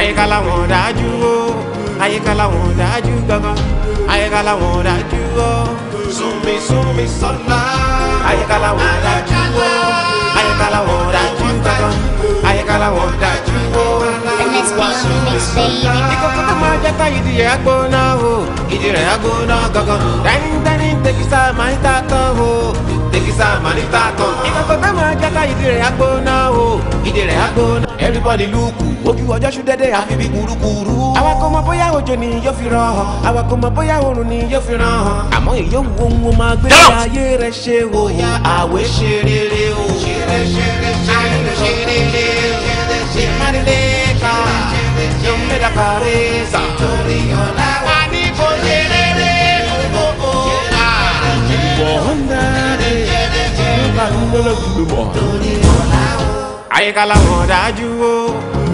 àyíkálá wọn dájú o àyíkálá wọn dájú gangan àyíkálá wọn dájú o. sunmi sunmi sọlá àyíkálá wọn dájú o àyíkálá wọn dájú gangan àyíkálá wọn dájú o. ìkókó tó máa jẹ́ ká ìdí rẹ̀ gbóná o ìdí rẹ̀ gbóná gangan dání dání tẹkisá máa ta tán o tekisa manita kan. ìkọ̀kọ̀ tá máa jáka ìdí rẹ̀ agbóná o ìdí rẹ̀ agbóná. everybody look ojú ọjọ́ ṣú dẹ́dẹ́ àfi bí kurukuru. àwa kò bóyá òjò ni yóò fi ràn án àwa kò bóyá oòrùn ni yóò fi ràn án. àmọ́ èyí ò wo ohun máa gbé ayé rẹ̀ ṣe o. bóyá àwẹ̀ ṣe rere o. ṣeré ṣeré ṣeré ṣeré ṣeré ṣe má nílé ká yóò mẹ́ta parí sàtórí ọ̀la wà ní kò ṣe rere o. wọ́n dá lọ́lọ́gbọ̀mọ̀. àyíkálá wọn dájú o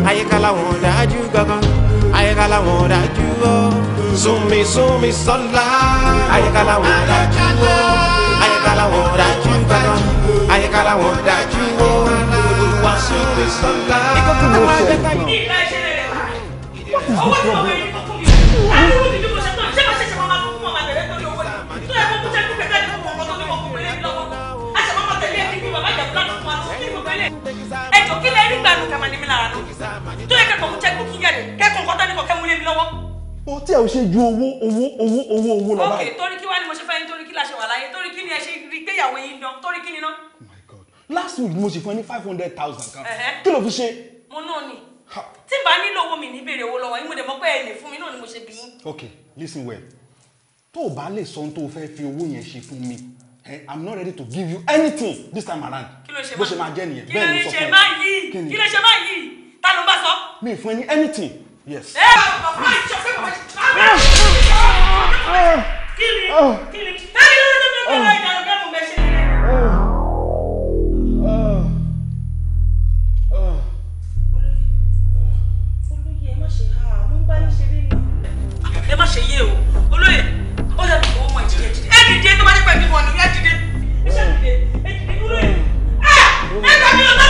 àyíkálá wọn dájú gangan àyíkálá wọn dájú o sunmi sunmi sọlá àyíkálá wọn dájú o àyíkálá wọn dájú gangan àyíkálá wọn dájú o olùwàsókè sọlá. ìkókò ló fẹ́ ẹ̀ fún ọ. láàánú kẹ́ máa ṣe ju owó owó owó owó owó lọ báyìí. ok torí kí wá ni mo ṣe fẹ́ yín torí kí la ṣe wà láyé torí kí ni ẹ ṣe rí gbéyàwó yín lọ torí kí ni ná. Oh my god last week mo ṣe fún ní five hundred thousand kan kí ló fi ṣe. mo náà ni tí n bá nílò owó mi ní ìbéèrè owó lọ́wọ́ yín mo dẹ̀ mọ̀ pé ẹ lè fún mi náà ni mo ṣe bí yín. ok listen well tó o bá lè sọ ohun tó o fẹ́ fi owó yẹn ṣe fún mi Eh, i'm not ready to give you anything this time around bó ṣe máa jẹ́ nìyẹn bẹ́ẹ̀ ni sọ fún mi kí ló ṣe báyìí ta ló bá sọ. mi fún ẹ ní anything yes. ẹ eh, bàbá ìṣọ fún mi kí ni ah! kí ni tẹ́lẹ̀ ló ń tẹ́lẹ̀ lọ́wọ́ ìdáná bẹ́ẹ̀ mo bẹ ṣe nìyẹn. ẹ má ṣe yé o níbọn ni ó yá dìde. ẹ ṣàdìde ẹ dìde dúró yìí. ẹ ẹ dàbí ọ̀tá.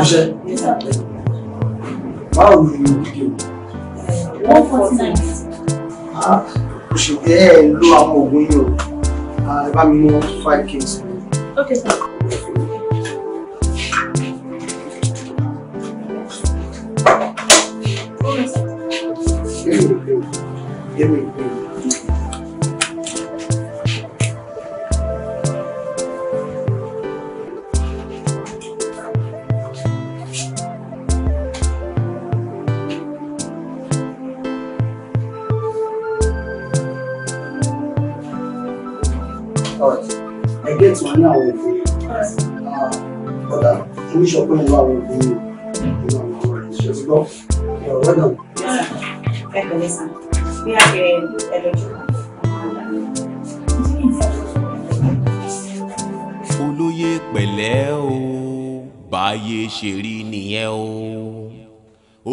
ránṣẹ́. báwo ni o dìde o. one forty nine. o ẹ ẹ lo àwọn oògùn yìí o ẹ bá mi mú five kings. okay sir. Give me, give me.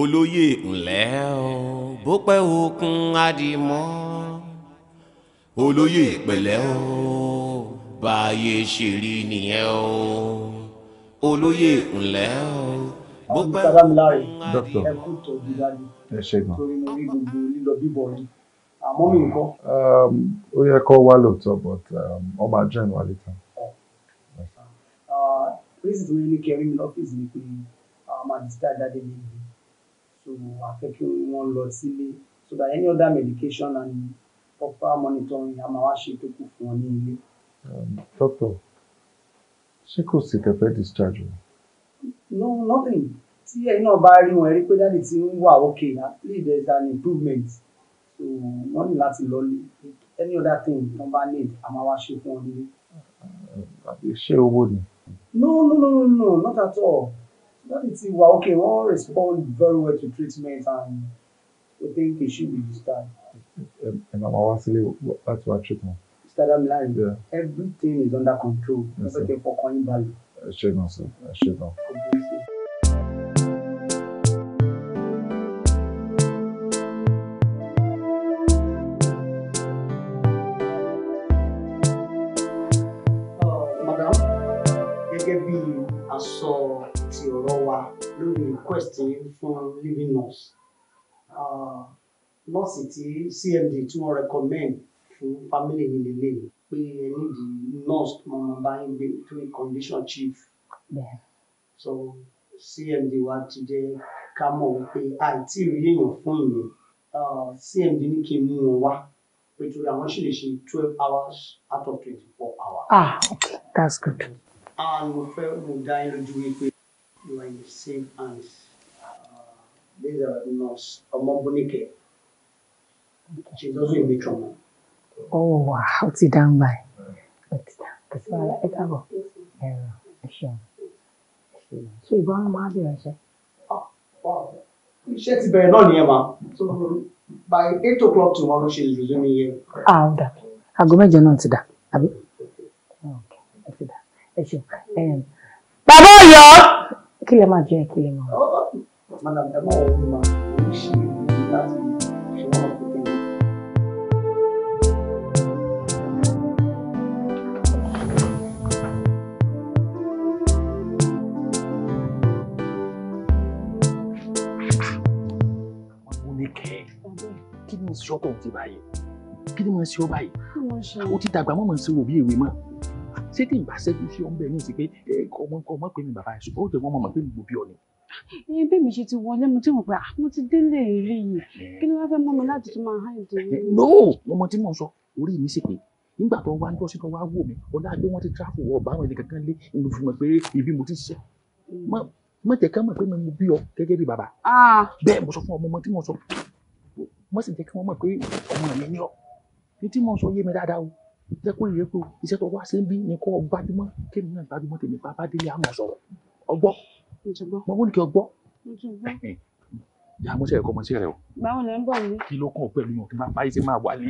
olóyè ńlẹ́ o bó pẹ́ okun adìmọ́ olóyè pẹ̀lẹ́ o báyé ṣe nìyẹn o olóyè ńlẹ́ o bó pẹ́ okun adìmọ́. ẹ kú tọ́jú dájú um, ó yẹ kó wá lóòótọ́ but ọmọ àjọ ìwà lẹ́tà. Ah, tó yẹ ní kẹrin ní ọ́fíìsì office pé uh, màá di sítá jáde níbi so a fẹ́ kí wọ́n lọ sílé so that any other medication and proper monitoring a máa wá ṣe tó kù fún wọn ní ilé. Um, doctor ṣé kò sí kẹfẹ́ discharge o. no nothing tí ẹ̀yin náà bá rí wọn ẹ rí pé dáàdì ti ń wà okay at least there is an improvement so wọ́n ní láti lọ lé any other thing tó bá need a máa wá ṣe fún wọn nílé. Um, ṣé owó ni. no no no no not at all. But it's well, okay, we all respond very well to treatment and we think it should be this time. That's what treatment. Stadium line, yeah. everything is under control. Yes, everything for coin value. I should know, sir. I should know. request yín fún living loss, nọ́ọ̀sì tí cmd tí wọ́n recommend fún family mi lélẹ́yìn pé ẹ nídìí nurse tó máa bá yín gbé tó condition chief so cmd wa ti jẹ́ ká mọ̀ wípé àìtí rí èèyàn fún ìyẹn cmd ní kí n mú wọn wá pé àwọn ṣì lè ṣe twelve hours out of twenty-four hours. ah okay that's good. and mo fẹ́ mo dá yín lójú wípé you are in same hands. These are nurse Omobunike. She's also in Mitroma. Oh, wow. Ó ti dáhùn báyìí. Ó ti dáhùn. Kò sí wàhálà. Ẹ káàbọ̀. Ẹ̀rọ ẹ ṣeun. Ṣé ìbọn ọmọ máa bẹ̀rẹ̀ iṣẹ́? Ah, iṣẹ́ ti bẹ̀rẹ̀ náà nìyẹn ma. So by eight o'clock tomorrow she is resuming here. Ah, ó dà. Aago mẹ́jọ náà ti dà, àbí? Ẹ ti dà. Ẹ ṣeun. Bàbá Ọ̀yọ́! Kí lè máa jẹ́ kí lè máa madam ẹ má wọ orí ma èyí ṣì ní láti ṣe wọn kó tẹ̀lé. kí ni sọ́kọ̀ ti báyìí kí ni mo ṣe ọ báyìí o ti dàgbà mọ́ mo ń ṣe wò bí èwe mọ́ ṣé kí n bá ṣẹ́gun ṣe ọ́ ń bẹ̀ ní ìsìn pé ọmọ ọmọ pé mi bàbá ẹ̀ ó jẹ́ wọn mọ̀ pé mi gbò bí ọ ni ní bẹ́ẹ̀mi ṣe ti wọlé mo ti mọ̀ pé ah, mo ti délé rí i eh. kí ni wọ́n fẹ́ mọ́ mi láti tún máa hàn ìdílé. no ọmọ tí mò sọ orí mi sì pé nígbà tó wá ń dọ́sí tó wá wò mí ọlá gbé wọn ti tráfù wọ ọba àwọn ẹni kankan lé inú fún mi pé ibi mo ti ṣiṣẹ́ mọ mm. jẹ́ ká mọ̀ pé mo bí ọ gẹ́gẹ́ bí bàbá ah. bẹ́ẹ̀ mo sọ fún ọmọ tí mo sọ mọ sì jẹ́ kí wọ́n mọ̀ pé ọmọ mi ní ọ ní tí mo sọ yé mi dáadáa o jẹ́ kó yẹ kó iṣẹ́ tó wá sí bí ni kó gbajúmọ̀ kémi náà gbajúmọ̀ tèmi bàbá délé àmọ̀ sọ̀rọ̀ ọgbọ́n mo wọ́n ní kí ọ gbọ́ ìyá amọ́ṣẹ́ rẹ̀ kọ́ ọmọṣẹ́ rẹ̀ o báwo lẹ́ ń bọ̀ ní. kí ló kàn pẹ̀lú yàn kí n máa fáyé sí máa wálé.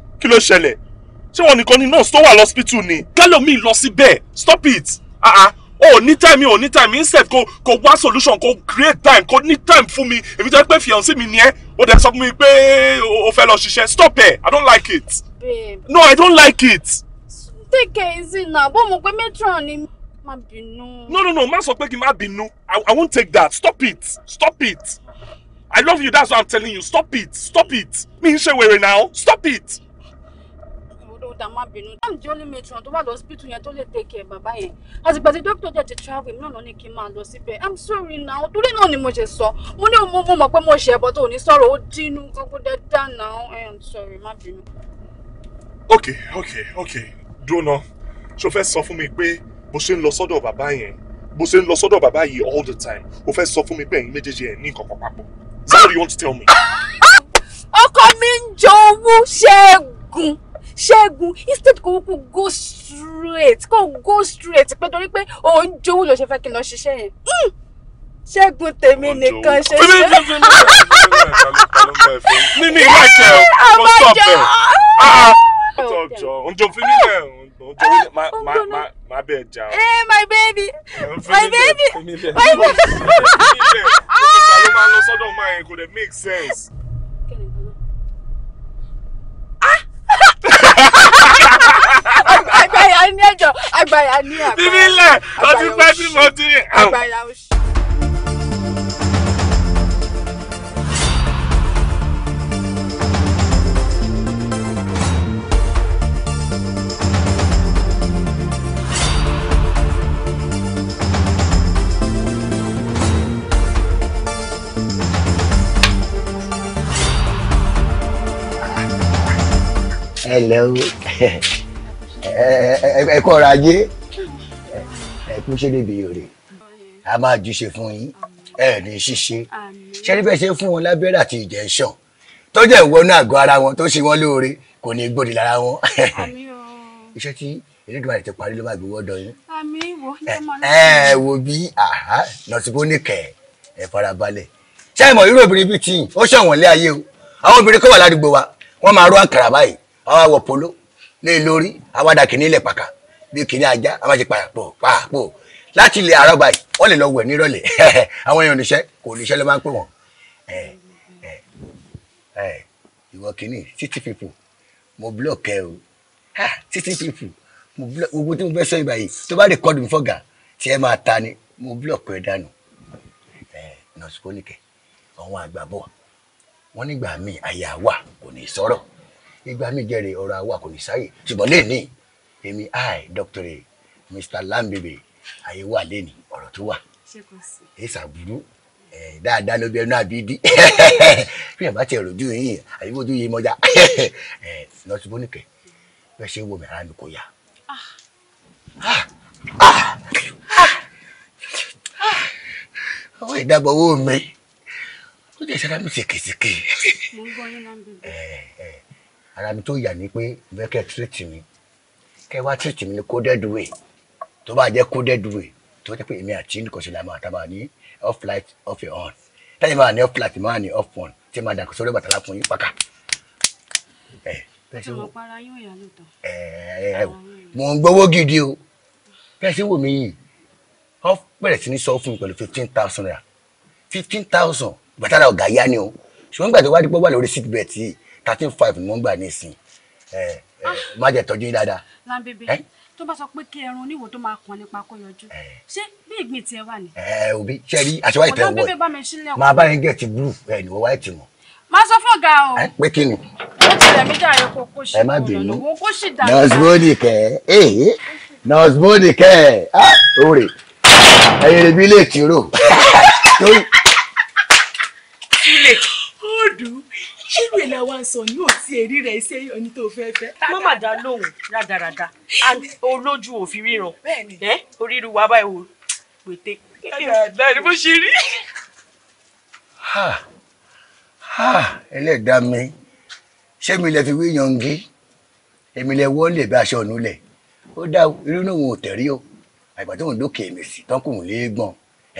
kí ló ṣẹlẹ̀ ṣé wọn nìkan ni nurse tó wà lọ́sípítù ni. kálọ̀mí lọ síbẹ̀ stop it o ní time o ní time instead kò kò wá solution kò create time kò ní time fún mi èmi jẹ́ pé fiancé mi ni ẹ́ o dẹ̀ sọ fún mi pé o fẹ́ lọ ṣiṣẹ́ stop ẹ̀ i don't like it. babe no i don't like it. take it easy na bó mo pé matron ni má bínú. no no no má sọ pé kí n má bínú i i won't take that stop it stop it i love you that's why i'm telling you stop it stop it mi n ṣe wèrè now stop it dókítà má bínú i'm the only matron tó wà lọ hospital yẹn tó lè take care bàbá yẹn àtìgbà tí dókítà jẹ ti travel náà lọ kí n máa lọ síbẹ̀ i'm sorry now torí náà ni mo ṣe sọ mo ní mo mọ̀ pé mo ṣe ẹ̀bọ tó ní sọ̀rọ̀ ó dínú gbogbo dáadáa now i'm sorry má bínú. ok ok ok dúró ṣo fẹ́ sọ fún mi pé bó ṣe ń lọ sọ́dọ̀ bàbá yẹn bó ṣe ń lọ sọ́dọ̀ bàbá yìí all the time o fẹ́ sọ fún mi pé ẹ̀yin méjèèjì ẹ̀ ní nǹkan papọ̀ is that what you want to tell me. ọkọ mi ń jowú ṣẹ́gun ṣẹ́gun instead kò kúkú go straight kò go straight pé torí pé òun jowú ló ṣe fẹ́ kí n lọ ṣiṣẹ́ yẹn ṣẹ́gun tèmi nìkan ṣe ṣe. nínú ìlà kẹ ọ mo stop ẹ ọjọ fi mí lẹ ma bẹ ẹ jà. ẹ my baby my baby my baby. ìlẹ̀ ló máa lọ sọ́dọ̀ máa yẹn kò dẹ̀ make sense. àgbàyà ni ẹjọ àgbàyà ni àgbàyà. bíbí lẹ ọtí pẹ́ tí mo ti. àgbàyà oṣù. ẹ lẹ́ o ẹ kọ́ra ajé ẹ kú ṣe lébi òrè a máa jùṣe fún yín ẹ ní ṣíṣe ṣé níbẹ̀ ṣe fún wọn lábẹ́rẹ́ àti ìjẹ́sàn tó jẹ́ ìwọ́nú àgọ́ ara wọn tó ṣe wọ́n lóore kò ní gbòdì lára wọn iṣẹ́ tí ìdíjọba ti parí ló máa gbé wọ́dọ̀ yín. ẹ ẹ wo bí nọ̀sibó nìkẹ́ ẹ farabalẹ̀ ṣé ìmọ̀ irú obìnrin bíi tíyìn ó ṣọ̀wọ́n lé ayé o àwọn obìnrin kọ́ wà ládùúgbò wa wọ́n máa rú àkàrà báyìí àwa wọ polo lé lórí àwa dà kìíní ilẹ̀ pàkà bí kìíní ajá àwa ṣe pàpò pàpò láti ilẹ̀ àárọ̀ báyìí wọ́n lè lọ wẹ̀ nírọ̀lẹ́ àwọn èèyàn oníṣẹ́ kò oníṣẹ́ ló máa ń pè wọ́n ìwọ kìíní city people mo block ẹ o city people mo block gbogbo tí mo fẹ́ sọ yìí báyìí tó bá record mi fọ́gà tí ẹ máa ta ni mo block ẹ dànù nọ̀sùkọ́nìkẹ́ àwọn àgbà bọ̀ wọ́n nígbà míì àyà wà kò ní sọ̀rọ̀ ìgbà mi jẹrè ọ̀rọ̀ àwa kò ní sáyè ṣùgbọ́n lẹni èmi i Dr. Mr. Lambebe ayé wà lẹni ọ̀rọ̀ tó wà èsà burú dáadáa ló bí ẹnu àbídí bí ẹ bá tiẹ̀ rojú yìí àyè wojú yìí mọjá nọọsì bónìkẹ bẹ ṣe ń wo mi ara mi kò yá. àwọn ah. ah. ah. ìdábọ̀ owó mi ó jẹ́ ìṣẹ́ra mi ṣèkèṣèkè. mo ń gbọ́ yín láńbí. ara mi tó yà ní pé ìfẹ́ kẹ́ tírìtì mi kẹ́ wá tírìtì mi ní coded way tó bá jẹ́ coded way tó jẹ́ pé èmi àti nìkan ṣe la máa tábà ní off light off your own. tẹ́lẹ̀ máa ní off light máa ní off on tí máa dàgbà sórí bàtàlà fún yín pàkà. mo ń gbowó gidi o fẹ́sí wò mí yìí wọ́n bẹ̀rẹ̀ sí ní sọ fún mi pẹ̀lú fifteen thousand naira fifteen thousand bàtàlà ọ̀gá yá ni o ṣùgbọ́n gbàdúrà wá dípọ̀ wà lórí seat belt yìí thirteen five ni wọ́n gbà ní ìsìn ah. má jẹ́ tọ́jú yín dáadáa. lámbébé tó bá sọ pé kí ẹran oníwò tó máa kàn nípa kó yọjú ṣé bí ìgbín tiẹ̀ wà ní. ẹ òbí ṣe rí àṣewá ìtẹ̀ wọ̀ ẹ máa bá yín gẹ̀ ti blue ẹ ní wọ́n wá ìtì mọ̀. má sọ fún ọ̀gá o. ẹ pé kí ni. ó tilẹ̀ mi jàre kó kó ṣe ìrànlọ́wọ́ kó sì dà. nurse monica ẹ eh, eh. nurse monica ẹ òrè ah, ẹ̀yìn bí lè tìrò ṣírù èlà wa ń sọ ní òtí èrí rẹ̀ iṣẹ́ ẹni tó fẹ́ fẹ́. má má dá lóhùn rádaràda olójú òfin ríran ẹ oríru wa báyìí wò pété. dáadáa ni mo ṣe rí. ẹlẹ́dàá mi ṣé mi lè fi wí yangi èmi lè wọlé bí aṣọ ònúlẹ̀ ó dá irú náà wọn ò tẹ̀rí o àgbà tó ń lókè èmi sí tán kò ń lé gbọ̀n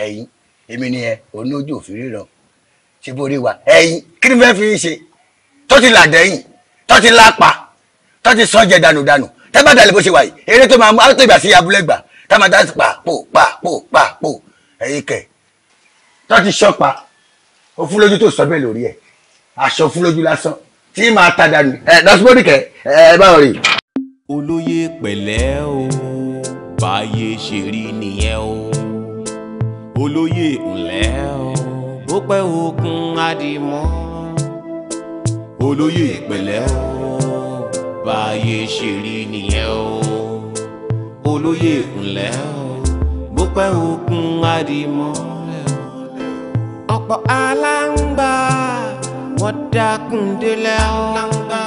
ẹ̀yìn èmi ni ẹ onójú òfin ríran ṣùgbọ́n orí wa ẹ̀yìn kí ni fẹ́ẹ́ fi ṣe tó ti là dẹ́yìn tó ti lápa tó ti sọ́jẹ̀ dànùdànù tẹ́ bá dalẹ̀ bó ṣe wà yìí eré tó máa mú àwọn tó ìgbà sí abúlé gbà tá máa dáhùn pa pò pa pò pa pò ẹ̀yìn kẹ̀ tó ti ṣọ́pa ó fún lójú tó sọ bẹ́ẹ̀ lórí ẹ̀ aṣọ fún lójú lásán tí màá ta dànù ẹ̀ lọ́sibọ́dì kẹ̀ ẹ̀ báwo rè. olóyè pẹ̀lẹ́ o báyé ṣe rí nìyẹn o olóyè ńlẹ́ o ó pẹ́ okun àdìmọ́ olóyè ìpẹ̀lẹ́ o báyé ṣe rí nìyẹn o olóyè ìkúnlẹ̀ o bó pẹ́ okun àdìmọ́ ọ̀pọ̀ aláǹgbá wọ́n dákun délẹ̀ o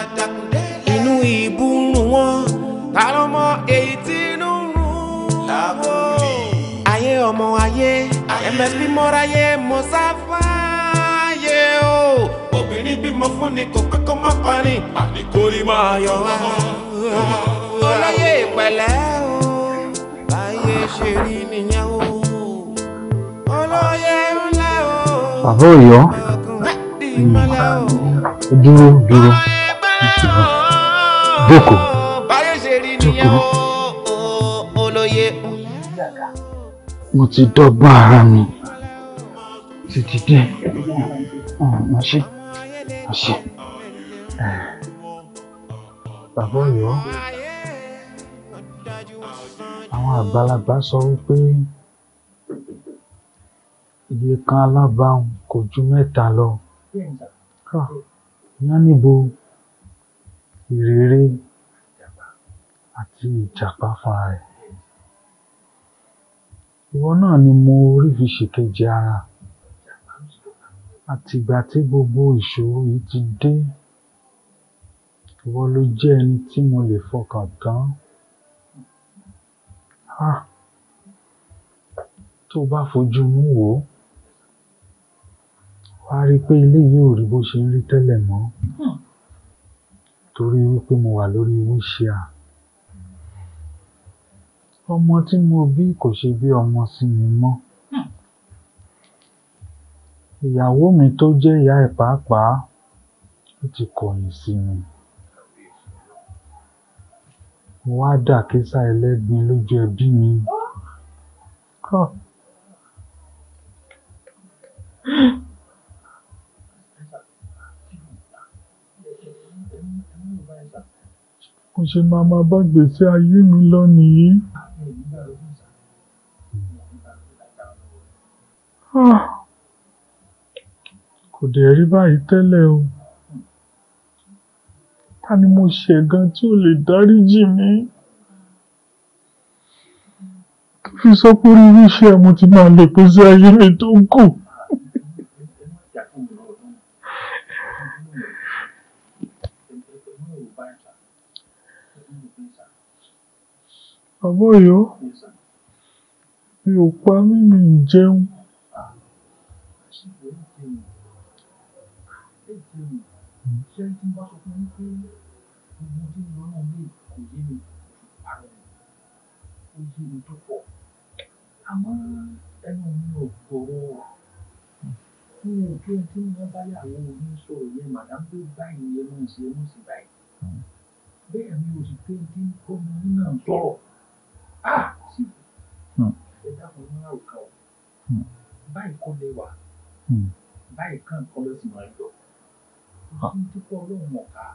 inú ìbú ń rùn wọ́n ta ló mọ èyí tí inú ń ọmọ ayé ẹ̀mẹ́ bímọ́ra yé mo sáfà yé o. obìnrin bímọ fún ni kò kọ́kọ́ má parí àníkórí máa yọ wá. ọlọ́yẹ ìpẹ̀lẹ́ o báyé ṣe rí nìyẹn o. ọlọ́yẹ ńlá o. bàbá òyọ́ dúró dúró jókòó jókòó. olóye mo ti dọ́gbọ́n ara mi títí dé má ṣe má ṣe bàbá Ọ̀yọ́ àwọn àgbàlagbà sọ wípé iye kan alábàáhùn kò ju mẹ́ta lọ ìyá níbo ìrere àti ìjàpá fúnra rẹ̀ ìwọ náà ni mo rí fi ṣìkejì ara àtìgbà tí gbogbo ìṣòro yìí ti dé ìwọ ló jẹ́ ẹni tí mo lè fọkàn tán ah tó bá fojú inú wò ó wàá rí i pé ilé yìí ò rí bó ṣe ń rí tẹ́lẹ̀ mọ́ hmm. torí wípé mo wà lórí wíṣíà ọmọ tí mo bí kò ṣe bí ọmọ sí mi mọ́ hmm. ìyàwó mi tó jẹ́ ìyá ẹ̀ pàápàá ó ti kọ̀yìn sí mi mo wá dà kísà ẹlẹ́gbin lójú ẹbí mi mo ṣe máa máa bá gbèsè ayé mi lọ Ah. Kò dẹ̀ rí báyìí tẹ́lẹ̀ o. Ta ni mo ṣẹ̀ gan tí ò lè dáríjì mí? Tó fi sọ pé onírú iṣẹ́ mo ti máa lò ìgbésí ayé mi tó kù. Bàbá Òjó, mi ò pa mí, mi ò jẹun. ṣé tí n bá sọ fún yín pé gbogbo tí mo náà lè kò yé mi àrùn ó yé mi tó pọ̀ àmọ́ ẹnu mi ò gbọ́rọ̀ fún òkè tí mo bá yàwó mi sọ̀rọ̀ yẹn màdá pé báyìí ẹ máa ṣe é mo sì báyìí bẹ́ẹ̀ mi ò sì pé kí n kọ́ mi nínà sọ̀rọ̀ á ah! sì hmm. ẹ dákun ní àrùkà o hmm. báyìí kọ́ lè hmm. báyìí kàn kọ́ lọ́sìn máa ń lọ dúpẹ́ ọlọ́run ọ̀gá.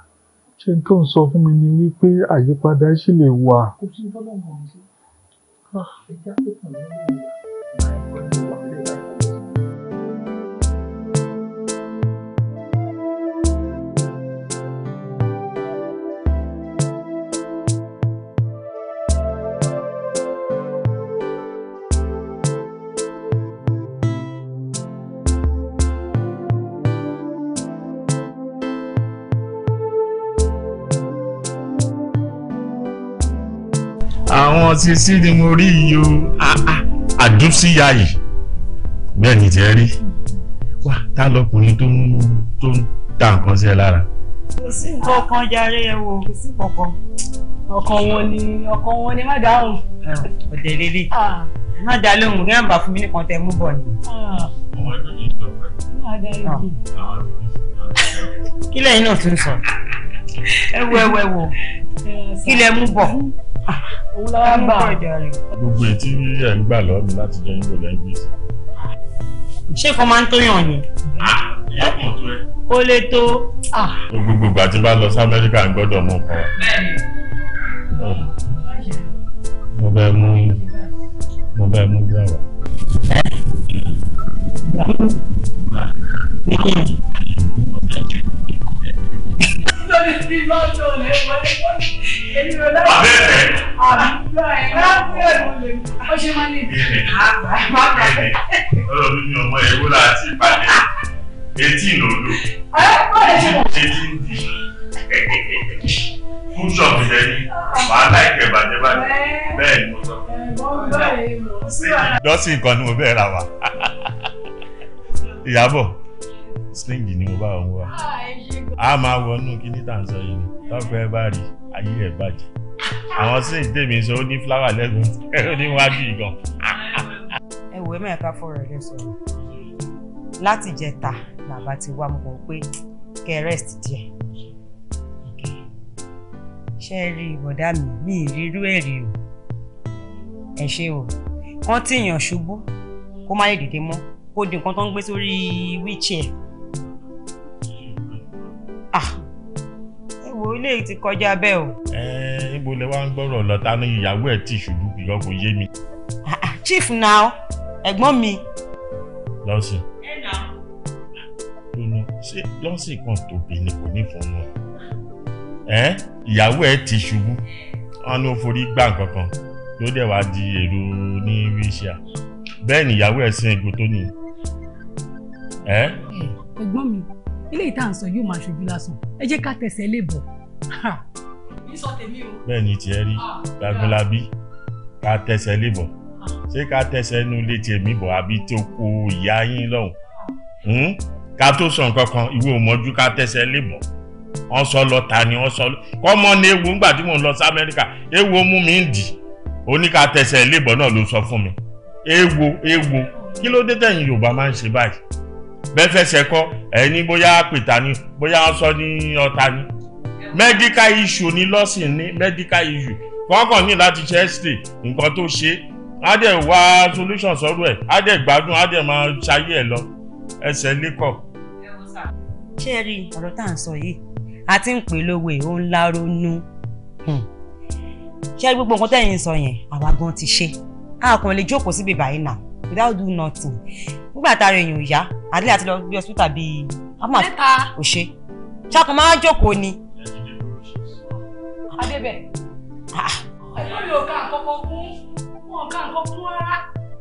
ṣé n tó ń sọ fún mi ni wípé àyípadà ṣì lè wà. kò sí ọlọ́run ọ̀hún sí. ẹja tó kàn lọ́wọ́ wa. àwọn sisi ni mo rí yìí o ah, ah, àdúsíyà yìí bẹ́ẹ̀ ni tẹ́ rí wá tá lọkùnrin tó ń tó ń ta nǹkan sí ẹ lára. kò sí nǹkan kan jàre ẹ wò kò sí kankan ọkàn wọn ni ọkàn wọn ni má dáhùn. Ah, ọ̀dẹ̀ lélẹ̀ má dá lóhùn rí àǹbá fún mi nìkan tẹ mú bọ̀ ni. kí lẹ́yìn náà tún sọ ẹ wo ẹ wo ẹ wo kí lẹ mú bọ̀ òun la wá gbà. gbogbo ètí ẹ̀ ń gbà lọ́wọ́ mi láti jẹ́ yín kò lẹ́yìn gbèsè. ṣé kò máa ń tóyàn ni. Ah, ìyá kan tó ẹ. ó lè tó. Ah. gbogbo ìgbà tí bá lọ sí amẹ́ríkà ń gbọ́dọ̀ mú nǹkan. mo bẹ mú mo bẹ mú gíráwà. Thank you lórí tí lọ́dọ̀ lè wọlé èyí ló lọ́dọ̀. Bàbá ẹ̀fẹ̀. Àbúrò ẹ̀ láti ẹ̀rù lè ó ṣe máa ní ìdílé. Àgbà má bàbá. Ọlọ́run ní ọmọ ìwó láti ìpàdé etí ìnòdò. Etí ń di fúnṣọ̀n mi lẹ́ni wàhálà ìkẹ̀bàjẹ́ bàjẹ́ bẹ́ẹ̀ ni mo sọ. Dọ́sìn nǹkan ni mo bẹ́ẹ̀ ra wa. Ìyábọ̀ sling ni mo bá òun wá a máa wọnú kíní tà ń sọ yìí tọ́pẹ́ ẹ bá rí ayé ẹ̀ bàjẹ́ àwọn sí ìdèmí sọ ó ní fúláwà lẹ́gùn ó ní wájú ìgàn. ẹ wò ó mẹ́ẹ̀ká fọ̀rọ̀ rẹ sọ̀rọ̀ láti jẹta làbá ti wá mọ̀ pé kẹ́ rest díẹ̀ ṣe rí ìbọ̀dá mi mi ìrírú ẹ̀rí o ẹ ṣe o wọ́n ti yàn ṣubú kó má lè dìde mọ́ kó di nǹkan tó ń gbé sórí wheelchair ìwò ah. ilé ti kọjá bẹ́ẹ̀ o. ẹ ibo lẹ wá ń gbọ́rọ̀ lọ ta ni ìyàwó ẹ̀ ti ṣubú ìyọ́ kò yé mi. Ah, ah, chief now ẹ̀gbọ́n mi. lọ́sìn. ẹ nà. lónà ṣé lọ́sìn kan tóbi ni kò ní fún un. ẹ ìyàwó ẹ̀ ti ṣubú wọn ní ó forí gbà kankan ló dẹ̀ wá di èrò ní wíṣíà bẹ́ẹ̀ ni ìyàwó ẹ̀ sin ègbò tó nìyí. ẹ. ẹ̀gbọ́n mi ilé ìta à ń sọ yóò máa ṣojú lásán ẹ jẹ́ ká tẹ̀sẹ̀ lè bọ̀. bẹ́ẹ̀ ni tiẹ̀ rí ah, lágbélábí ah. ká tẹ̀sẹ̀ lè bọ̀ ah. ṣé ká tẹ̀sẹ̀ inú ilé tèmi bọ̀ àbí tó kó ìyá yín lọ́hùn hmm? ká tó sọ nǹkan kan ìwé ò mọ́jú ká tẹ̀sẹ̀ lè bọ̀ wọ́n sọ lọ ta ni wọ́n sọ lọ kọ́mọ ni ewu ńgbà tí mò ń lọ sí Amẹ́ríkà ewu mú mi ń dì oníka tẹ̀sẹ̀ lè náà ló sọ fún mi ewu ewu kí ló dé tẹ̀yìn Yorùbá máa ń ṣe báyìí bẹ́fẹsẹ̀ kọ́ ẹni bóyá pìtà ni bóyá wọ́n sọ ní ọ̀tá ni medical issue ni lọ́sìn ní medical issue kọ́kàn ní láti ṣe ẹ́sítè nǹkan tó ṣe á dẹ̀ wá solution sọ́rọ̀ ẹ̀ á dẹ̀ gbádùn á dẹ̀ máa ṣayé ẹ̀ lọ ẹsẹ̀ lékọ̀. ṣé ẹ rí ọ̀rọ̀ tá à ń sọ yìí a ti ń pè lówe ó ń la ronú hmm. ṣé gbogbo nǹkan tẹ̀yìn sọ yẹn àwa gan ti ṣe a kàn lè jókòó síbi báyìí náà without do nothing nígbà tá a rìn ìyìn ìyá àdílé àti lọ gbé hospital bíi amọ̀ òṣè ṣàkùn máa jókòó ni. adébẹ̀ ẹ̀gbọ́n ah, mi ah. ò ká nǹkan kan kún wọn ò ká nǹkan kún rárá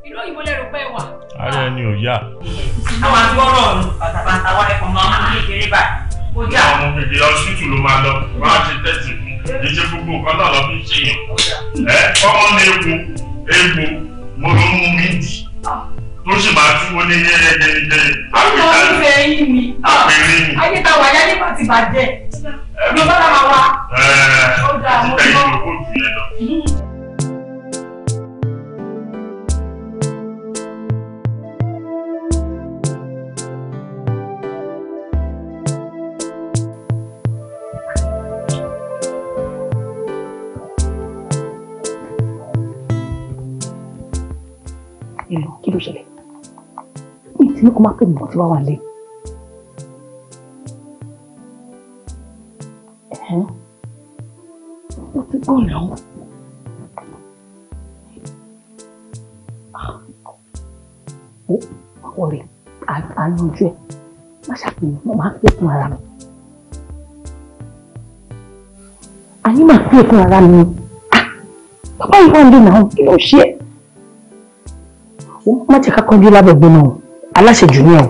ìlú òyìnbó lẹ́rù pẹ́ wà. ara ẹni ò yá. àwọn agbọ́rọ̀ bàtàbàtà wa ẹ̀kọ́ máa ń mú kékeré bá kó jà. àwọn ọmọ kékeré ọsítù ló máa lọ wọn á ti tẹ̀sí fún ìṣe gbogbo nǹkan náà lọ fi ń ṣe yàn. ẹ ọmọ ní egbò egbò mo ló mú mi dì. Ah tó sì máa tú ó ní yẹ́yẹ́yẹ́yẹ́. àwọn ọmọ ìfẹ́ yín ni ah, ayé táwa ayé nípa ti bàjẹ́ ló bá làwọn wa. ó dáa mo lọ. Mm-hmm. tí ó máa pè mí tí wàá wà lé. ó ti gbọ́n náà. ó ọ̀rẹ́ àyànjú ẹ̀ má ṣàfihàn mo máa pè fún ara mi. àní máa pè fún ara mi. bàbá yìí wà lé náà kí ló ṣe é. ó má jẹ́ ká kọjú lábẹ́ gbóná o aláṣejù ni ọ́.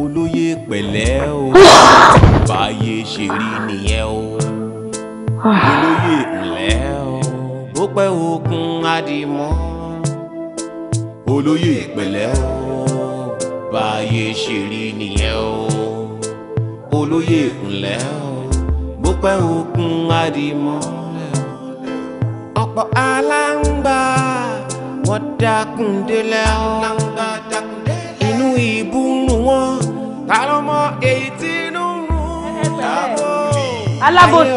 olóyè pẹ̀lẹ́ o báyé ṣe rí nìyẹn o olóyè ńlẹ́ o ó pẹ́ okun adìmọ́ olóyè pẹ̀lẹ́ o báyé ṣe rí nìyẹn o olóyè ńlẹ́ o bó pẹ́ òkun àdìmọ́ ọ̀pọ̀ aláǹgbá wọ́n dákun délẹ̀ inú ìbú nù wọ́n ta ló mọ èyí tí inú ń rún alábòsí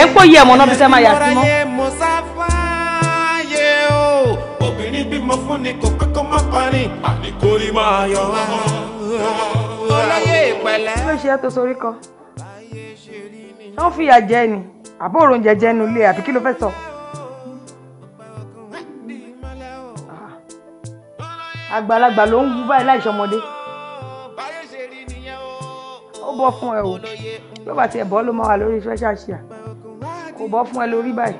ẹ kó yẹ ọmọ náà bí sẹ́ máa yà sí mọ́. obìnrin bímọ fún ni kò kọ́kọ́ má parí àníkórí máa yọ wá ọmọ láyé ìpẹ̀lẹ́. kí ló ṣe é tó sorí kan wọ́n fìyà jẹ ni àbó òròǹjẹ jẹ nu ilé àbí kí ló fẹ́ sọ. àgbàlagbà ló ń wú báyìí láì ṣọmọdé ó bọ́ fún ẹ o ló bá tiẹ̀ bọ́ ló máa wà lórí special share kò bọ́ fún ẹ lórí báyìí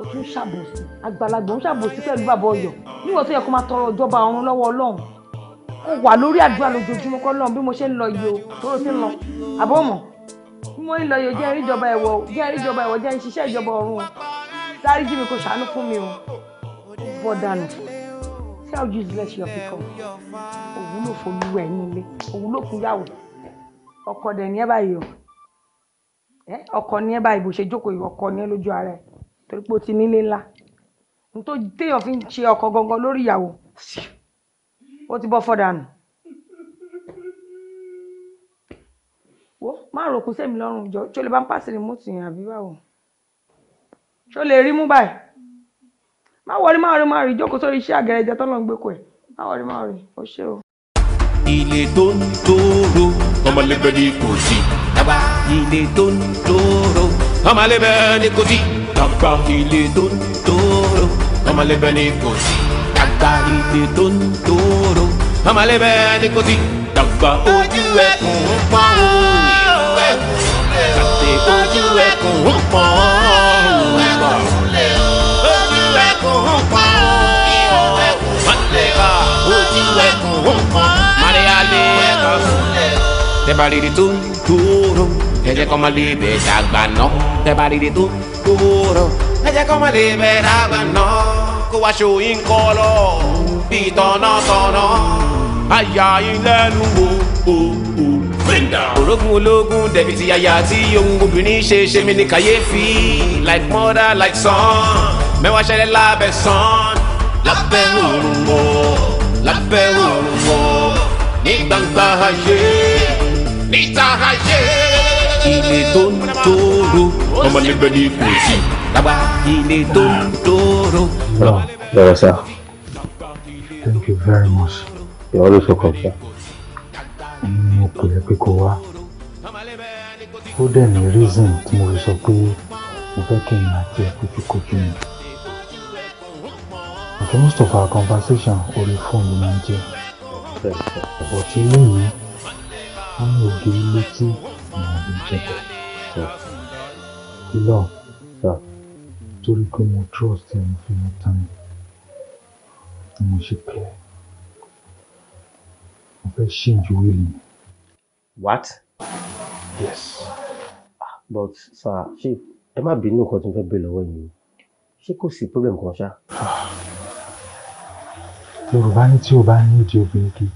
o tún ṣàbòsí àgbàlagbà ń ṣàbòsí pẹ̀lú bàbá ọyọ̀ níwọ̀n tó yẹ kó máa tọrọ ìjọba ọ̀run lọ́wọ́ ọlọ́run kó wà lórí àdúrà lójoojúmọ́ kọ́ lọ́n bí mo ṣe ń lọ yìí o tóró ti ń lọ àbọ̀ mọ̀ bí mo ń lọ yìí o jẹ́ ìríjọba ẹ̀wọ̀ jẹ́ ìríjọba ẹ̀wọ̀ jẹ́ ìṣiṣẹ́ ìjọba ọ̀run o dáríjì mi kò ṣàánú fún mi o bọ́ dànù tell you less your pick up òun ló folú ẹ̀ nílé òun ló fún yàwó ọkọ dẹ̀ ní ẹ báyìí o ọkọ ní ẹ báyìí bó ṣe jókòó yìí ọkọ ní ẹ lójú ara ẹ torí pé ó ti nílé ńlá nítorí téèyàn fi ń ṣe ọkọ gangan lórí ìyàwó ó ti bọ́ fọ́dà nù. wo máa rò kún sẹ́mi lọ́rùn jọ ṣó lè bá ń pàṣẹ rìmọ́ọ̀tì yẹn àbí báwo ṣó lè rí mú báyìí má wọrí má wọrí má rí jókòó sórí iṣẹ́ àgẹ̀rẹ̀ ìjọ tó lọ́n gbé kọ ẹ̀ má wọrí má wọrí ó ṣe o. ilé tó ń tóró ọmọlẹ́gbẹ́ ni kò sí dábàá ilé tó ń tóró ọmọlẹ́gbẹ́ ni kò sí dábàá ilé tó ń tóró ọmọlẹ́gbẹ́ ni kò sí dábàá ilé tó ń tóró àmàlẹ́ bẹ́ẹ̀ ni kò ti dàgbà ojú ẹkùn ń pọ̀ kàtẹ́ ojú ẹkùn ń pọ̀ ojú ẹkùn ń pọ̀ ojú ẹkùn ń pọ̀ màríà lè kọ́ tẹ́bàrìrì tó ń dúró ẹ jẹ́ kó má lè bẹ̀ dàgbà náà tẹ́bàrìrì tó ń dúró ẹ̀jẹ̀ kọ́ mọ̀ no bẹ̀rẹ̀ incolo náà kó tono ṣò yín kọ́ lọ bí tọ̀nàtọ̀nà àyà yín lẹ́nu wo o o. Orogun ológun dẹ̀bi ti yàyà tí ohun obìnrin ṣe ṣe mí ní kàyéfì like mother like son mẹ́wàá ṣẹlẹ̀ lábẹ́ sàn lábẹ́ òrùn mọ́ lábẹ́ òrùn mọ́ ní gbangba ayé níta ayé ilé tó ń tóró ọmọ nígbẹ́dì kò sí lágbá ilé tó ń dòrò. Bẹ̀rẹ̀ sá, thank you very much. Ìwọ ló sọkọ̀ fún mi. Mo pè é pé kó wá. Ó dẹ̀ ní reason tí mo fi sọ pé mo fẹ́ kí n àti ẹ̀kú fi kojú mi. Àti most of our conversation orí fóònù ló máa ń jẹ́. Ọ̀pọ̀ tí lóyún, wọ́n ní ògiri létí ìrìn àjò jẹ́ love sir torí pé mo trust ẹ mo fi mo tán ẹ ni mo change will what. yes. Ah, but sir she. ẹ má bínú nǹkan tí mo fẹ́ bẹ̀ lọ́wọ́ yìí ṣé kò sí problem kan ṣá. Ah, yorùbá ní tí o bá ní ìdí obìnrin kì the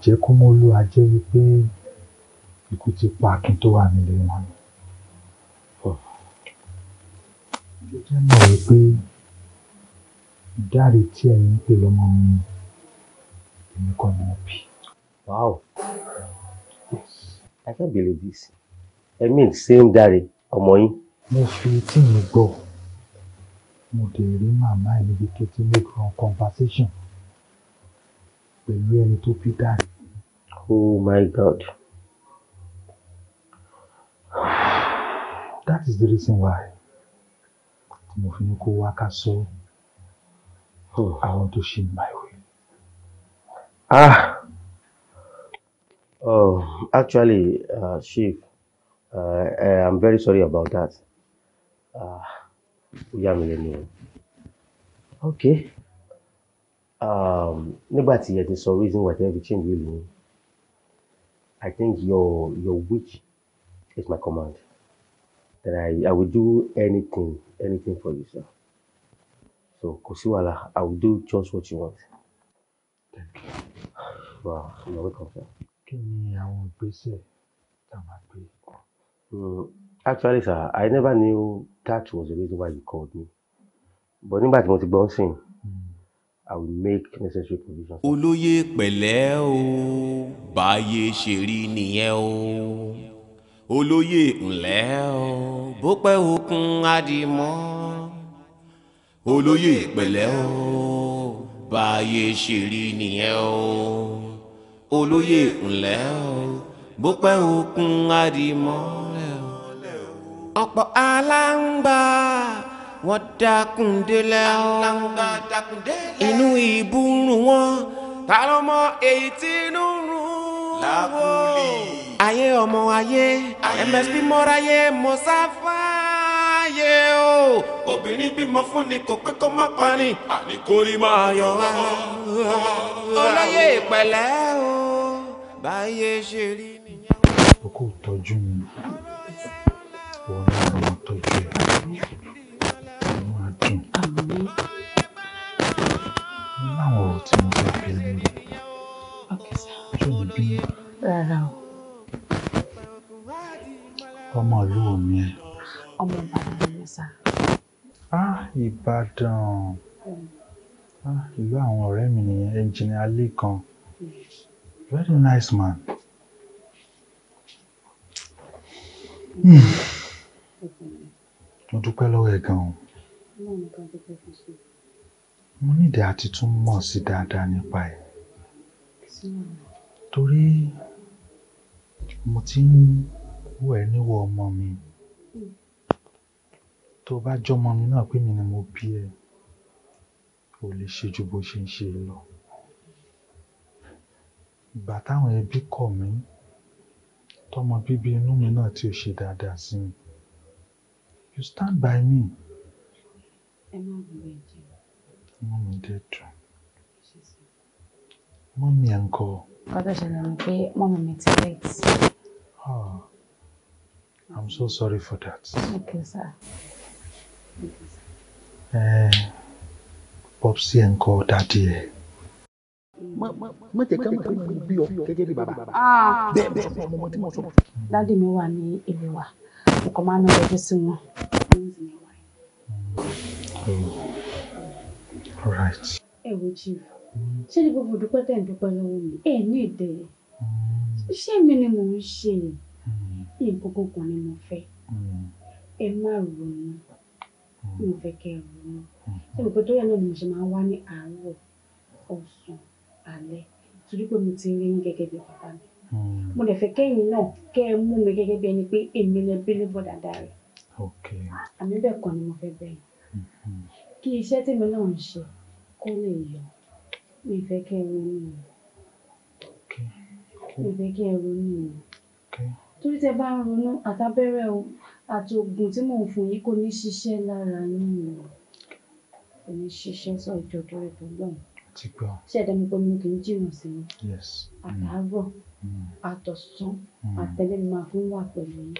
jẹ́ kó mọ́ lú ikú ti tó wà nílé wọn ni. jẹ́ mọ̀ wípé dáre tí ẹ̀yin pè lọ́mọ mi èmi kọ́ ni wọ́n bí. wow yes i can't believe this i mean same dáre ọmọ yín. mo fi etí mi gbọ́ mo dé rí màmá ẹ̀ níbi tó make wrong conversation pẹ̀lú ẹni tó bí dáre. oh my god that is the reason why tí mo fi ní kó wá ká sọ hmm. my way. ah oh actually uh, chief uh, eh, I am very sorry about that. Uh, ah, ìyá mi lẹ́nu um, nígbà tí ẹ ti sọ reason why ẹ fi change ìlú i think your your witch is my command. That I, I will do anything, anything for you, sir. So, Kosiwala, I will do just what you want. Thank you. Wow, you're welcome, sir. Kí ni àwọn ìgbésẹ̀ tá a hmm, Actually, sir, I never knew that was the reason why you called me. But nígbà tí what you're saying, I will make necessary provisions. Olóyè pẹ̀lẹ́ o, báyé ṣe rí o olóyè ńlẹ́ o bó pẹ́ okun adìmọ́ olóyè ìpẹ̀lẹ́ o báyé ṣe rí nìyẹn o olóyè ńlẹ́ o bó pẹ́ okun adìmọ́ ọ̀pọ̀ aláǹgbá wọ́n dákun délẹ̀ o inú ìbúrú wọn ta mọ èyí tí inú rún wọn ayé ọmọ ayé msp mọ́ráyé mọ́sáfá ayé o. obìnrin bímọ fún ni kò pé kó má parí àníkórí máa yọ olóyè ìpẹ̀lẹ́ o báyé ṣe rí nìyẹn. àkókò tọ́jú mi wọ́n ní àwọn tọ́jú. ọmọ ìbàdàn ni sà. ah ìbàdàn ah ìlú àwọn ọ̀rẹ́ mi nìyẹn ẹnjìnìá lẹ́kan very nice man. Hmm. mo dúpẹ́ lọ́wọ́ ẹ gan-an mo nídìí àti tún mọ̀ sí dáadáa nípa ẹ̀ torí mo ti ń wọ ẹ níwọ ọmọ mi. Mm tó bá jọ́mọ mi náà pé mi ni mo bí ẹ ò lè ṣe ju bó ṣe ń ṣe lọ. Ìgbà táwọn ẹbí kọ̀ mí tọ́mọ bíbí inú mi náà tí ò ṣe dáadáa sí mi. You stand by me. Inú mi dẹ̀ dùn. Mọ́mí ẹ̀ ń kọ́. Nǹkan tó ṣẹlẹ̀ pé mọ́mí mi ti late. Oh, I'm so sorry for that. Okay, sir popsi ẹ̀ ń kọ́ dáadé ẹ̀. má ká mọ̀ pé bí ọ gẹ́gẹ́ bí bàbá ah. bẹ́ẹ̀ bẹ́ẹ̀ bẹ́ẹ̀ ọmọ tí mo sọ. dáàdì mi wà ní ilé wa ọkọ̀ máa ń lọ yọjú sí wọn. Oh. ẹ wo chief ṣé ní gbogbo dúpẹ́ tẹ̀ ń dúpẹ́ lọ́wọ́ mi ẹ ní ìdẹ ṣé mi ni mò ń ṣe nǹkan hmm. kankan ni mo fẹ́ hmm. ẹ má ronú mi fẹ́ kẹ́ ẹ wò ó mm-hmm. ṣé mo pé tó yẹ náà ni mo ṣe máa ń wá ní àárọ̀ ọ̀sán alẹ́ torí pé mo ti rí yín gẹ́gẹ́ bí bàbá mi mm. mo dẹ̀ fẹ́ kẹ́yìn náà kẹ́ ẹ mú mi gẹ́gẹ́ bí ẹni pé èmi lẹ bí lébọ̀ dáadáa rẹ̀ àmì bẹ́ẹ̀ kan ni mo fẹ́ bẹ̀yìn mm-hmm. kí iṣẹ́ tèmi náà ń ṣe kó lè yọ mi fẹ́ kẹ́ ẹ ronú mi fẹ́ kẹ́ ẹ ronú mi torí tẹ bá ń ronú àtàbẹ́rẹ́ o àti oògùn tí mò ń fún yín kò ní ṣiṣẹ́ lára yín o kò ní ṣiṣẹ́ sọ ìjọ tó rẹ̀ tó gbọ̀n. ṣẹ̀dá mi pé mi kì í jìnnà sí mi àtàárọ̀ mm. Mm. àtọ̀sán mm. àtẹ̀lẹ́ mi máa fún wà pẹ̀lú yín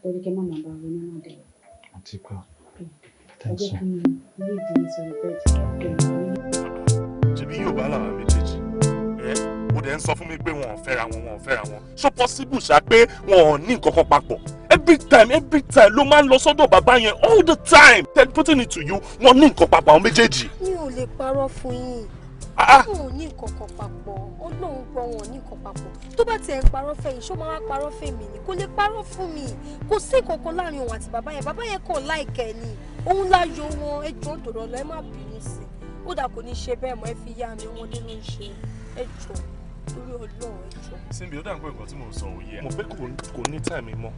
torí kẹ́ má máa bá ronú náà dẹ̀. ẹ jẹ́ kí n yé ìdí sọ̀rọ̀ bẹ́ẹ̀ jẹ́ kí n lè rí. tèmi dẹ̀ ń sọ fún mi pé wọn ò fẹ́ra wọn wọn ò fẹ́ra wọn so possible ṣá pé wọn ò ní nǹkan kan papọ̀ every time every time ló máa ń lọ sọ́dọ̀ bàbá yẹn all the time tell putting it to you wọn ní nǹkan papọ̀ àwọn méjèèjì. mi ò lè parọ́ fún yín ah, ah. wọn ò ní nǹkan kan papọ̀ ó lóun gbọ́ wọn ò ní nǹkan papọ̀ tó bá tiẹ̀ ń parọ́ fẹ́ yìí ṣó máa wá parọ́ fẹ́ mi ni kò lè parọ́ fún mi kò sí nǹkan kan láàrin òun àti bàbá yẹn bàbá yẹn kàn láìkẹ́ ni òun láyọ̀ wọn ẹ jọ̀ọ́ dòdò ẹ má bínú sí i ó dà kò ní ṣe bẹ́ẹ̀ mọ́ ẹ fi yá mi wọn nínú ìṣe ẹ torí Ọlọ́run ẹjọ́. Simbi ó dà ń pé nǹkan tí mò ń sọ òye ẹ. mo pé kò ní time mọ́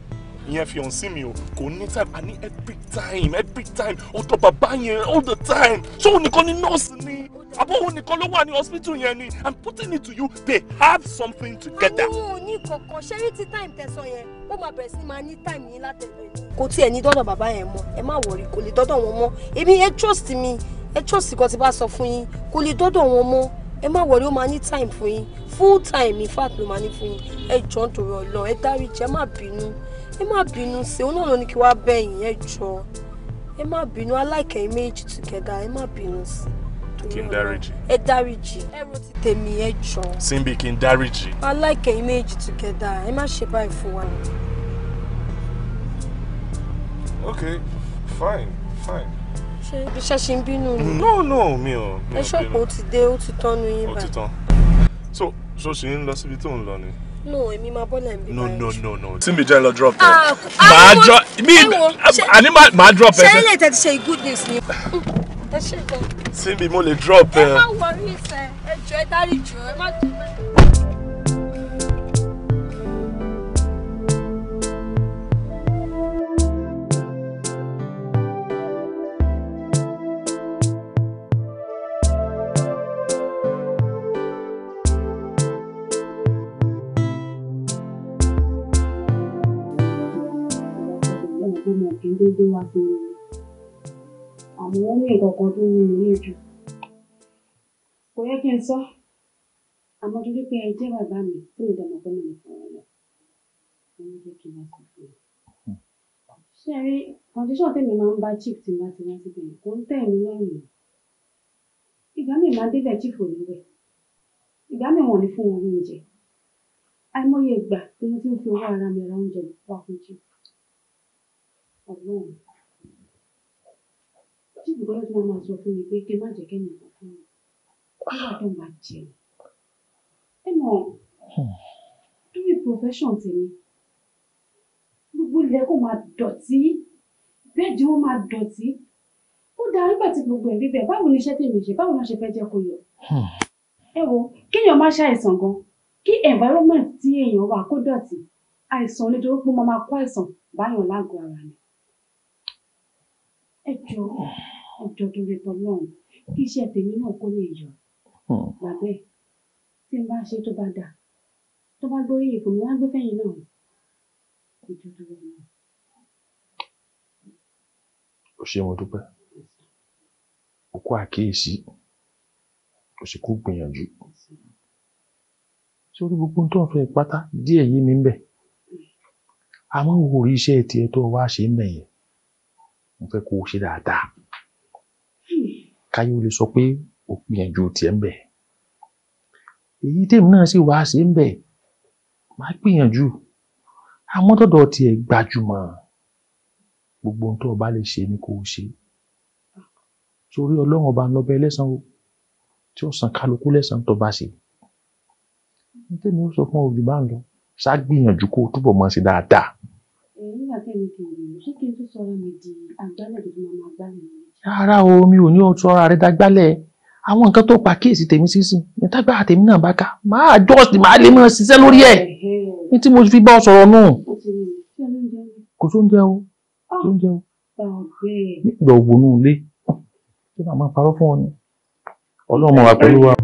ìyẹn fi hàn sí mi o kò ní time i need every time every time ọ̀tọ̀ bàbá yẹn all the time ṣé òun nìkan ni nọ́ọ̀sì ni àbọ̀ òun nìkan ló wà ní hospital yẹn ni i'm putting it to you they have something together. àwọn òní kọ̀ọ̀kan ṣé rí ti time tẹ̀sán yẹn ó máa bẹ̀rẹ̀ sí máa ní time yín látẹ̀lẹ̀ ni. kò tiẹ̀ ní dọ́dọ̀ bàbá yẹn mọ́ ẹ má wọ̀rí kò lè dọ́dọ̀ wọn mọ́ èmi ẹ trust mi ẹ trust kan ti bá sọ fún yín kò lè dọ́dọ̀ wọn mọ́ ẹ má wọlé ó máa ní time fún yín full time in fact ló máa ní fún yín ẹ jọ ń torí Ọlọ́run ẹ dáríjì ẹ má bínú ẹ má bínú sí òun náà ló ní kí wá bẹ̀yìn ẹ jọ ẹ má bínú aláìkẹ́ yín méjì together ẹ má bínú sí kí n dáríjì. ẹ dáríjì ẹ ro ti tèmi ẹ jọ. Simbi kí n dáríjì. aláìkẹ́ yín méjì together ẹ má ṣe báyìí fún wa. okay fine fine ṣe iṣẹ́ ṣe ń bínú ni. no no mi ò mi ò bínú. ẹ ṣọ́pọ̀ ó ti dé ó ti tán nu yín bá. so so ṣì ń lọ síbi tó ń lọ ni. no èmi máa bọ́lá ẹ̀mí báyìí. no no no no tí mi jẹ́ lọ drop ẹ. máa drop mi àní máa drop ẹ. ṣé ilé ìtẹ̀tí ṣe good news ni. ẹ ṣe gan. tí mo lè drop ẹ. ẹ má wọrí ìfẹ́ ẹ jọ ẹ dárí jù ẹ má dùn. déédéé wá sí mi àmọ́ wọ́n ní nǹkan kan tó ń mi ní jù kò yẹ kí n sọ àmọ́ torí pé ẹ jẹ́ bàbá mi tí mo dàgbà pé mo lè fọwọ́ lọ wọ́n ní jẹ́ kí n bá sọ fún un. ṣé ẹ rí condition tèmi máa ń bá chief tí bá ti wá síbẹ̀ kò ń tẹ̀ mí lọ́rùn ìgbà mi máa débẹ̀ chief ò ní ìgbà mi wọ̀n ní fún wọn ní oúnjẹ àìmọye ìgbà tí mo ti ń fi owó ara mi ra oúnjẹ wá fún chief. Ọlọ́run tí Bùkọ́lá tí wọ́n máa sọ fún mi pé kí n má jẹ́ kẹ́mi kan fún mi kí wàá tó máa jẹun ẹ mọ̀ hmm. lórí profession tèmi gbogbo ilẹ̀ kò máa dọ̀tí bẹ́ẹ̀dì wọn máa dọ̀tí ó dáa nígbà tí gbogbo ẹ̀ rí bẹ́ẹ̀ báwo ni iṣẹ́ tèmi ṣe báwo ni wọ́n ṣe fẹ́ jẹ́ kó yọ hmm. ẹ wo kéèyàn má ṣàìsàn gan kí environment tí èèyàn wà kó dọ̀tí àìsàn nítorí pé mo máa kó àìsàn báyọ̀ lágọ̀ọ́ ara mi ẹ jọ ẹ jọ torí tọlọ́run kí iṣẹ́ tèmi náà kó lè yọ hmm. bàbá ẹ tí n bá ṣe tó bá dà tó bá gbórí ìkò mi wá gbé fẹ̀yìn náà kò jọ torí náà. o ṣé mo dúpẹ́ o kú àkíyèsí o sì kú gbìyànjú sórí gbogbo tó ń fẹ́ pátá díẹ̀ yìí mi ń bẹ àmọ́ wò rí iṣẹ́ tó wá ṣe ń bẹ yẹn mo fẹ́ kó o ṣe dáadáa káyé ó lè sọ pé ó gbìyànjú tiẹ̀ ń bẹ̀ èyí tèmi náà sì wá sí ń bẹ̀ máa gbìyànjú àmọ́ tọ̀dọ̀ tiẹ̀ gbajúmọ̀ gbogbo ohun tó o bá lè ṣe ni kó o ṣe torí ọlọ́run ọba ń lọ bẹ ẹlẹ́sàn o tí ó san kálukú lẹ́sàn tó bá ṣe ní tèmi ó sọ fún òbí bá gbìyànjú kó o túbọ̀ mọ̀ sí dáadáa mi di ìròyìn ṣé kí n tún sọra mi di agbálẹ̀ tó máa máa gbálẹ̀ mi. rárá o mi ò ní o sọ ara rẹ dagbálẹ̀ àwọn nǹkan tó pa kíyèsí tèmi sísìn ní tágbára tèmi náà bá ká máa just máa lè máa ṣiṣẹ́ lórí ẹ̀ ní tí mo fi bá ọ sọ̀rọ̀ náà kò tó ń jẹ o kò tó ń jẹ o nígbà ògbónú ilé tí màá máa parọ́ fún ọ ni ọlọ́run wà pẹ̀lú wa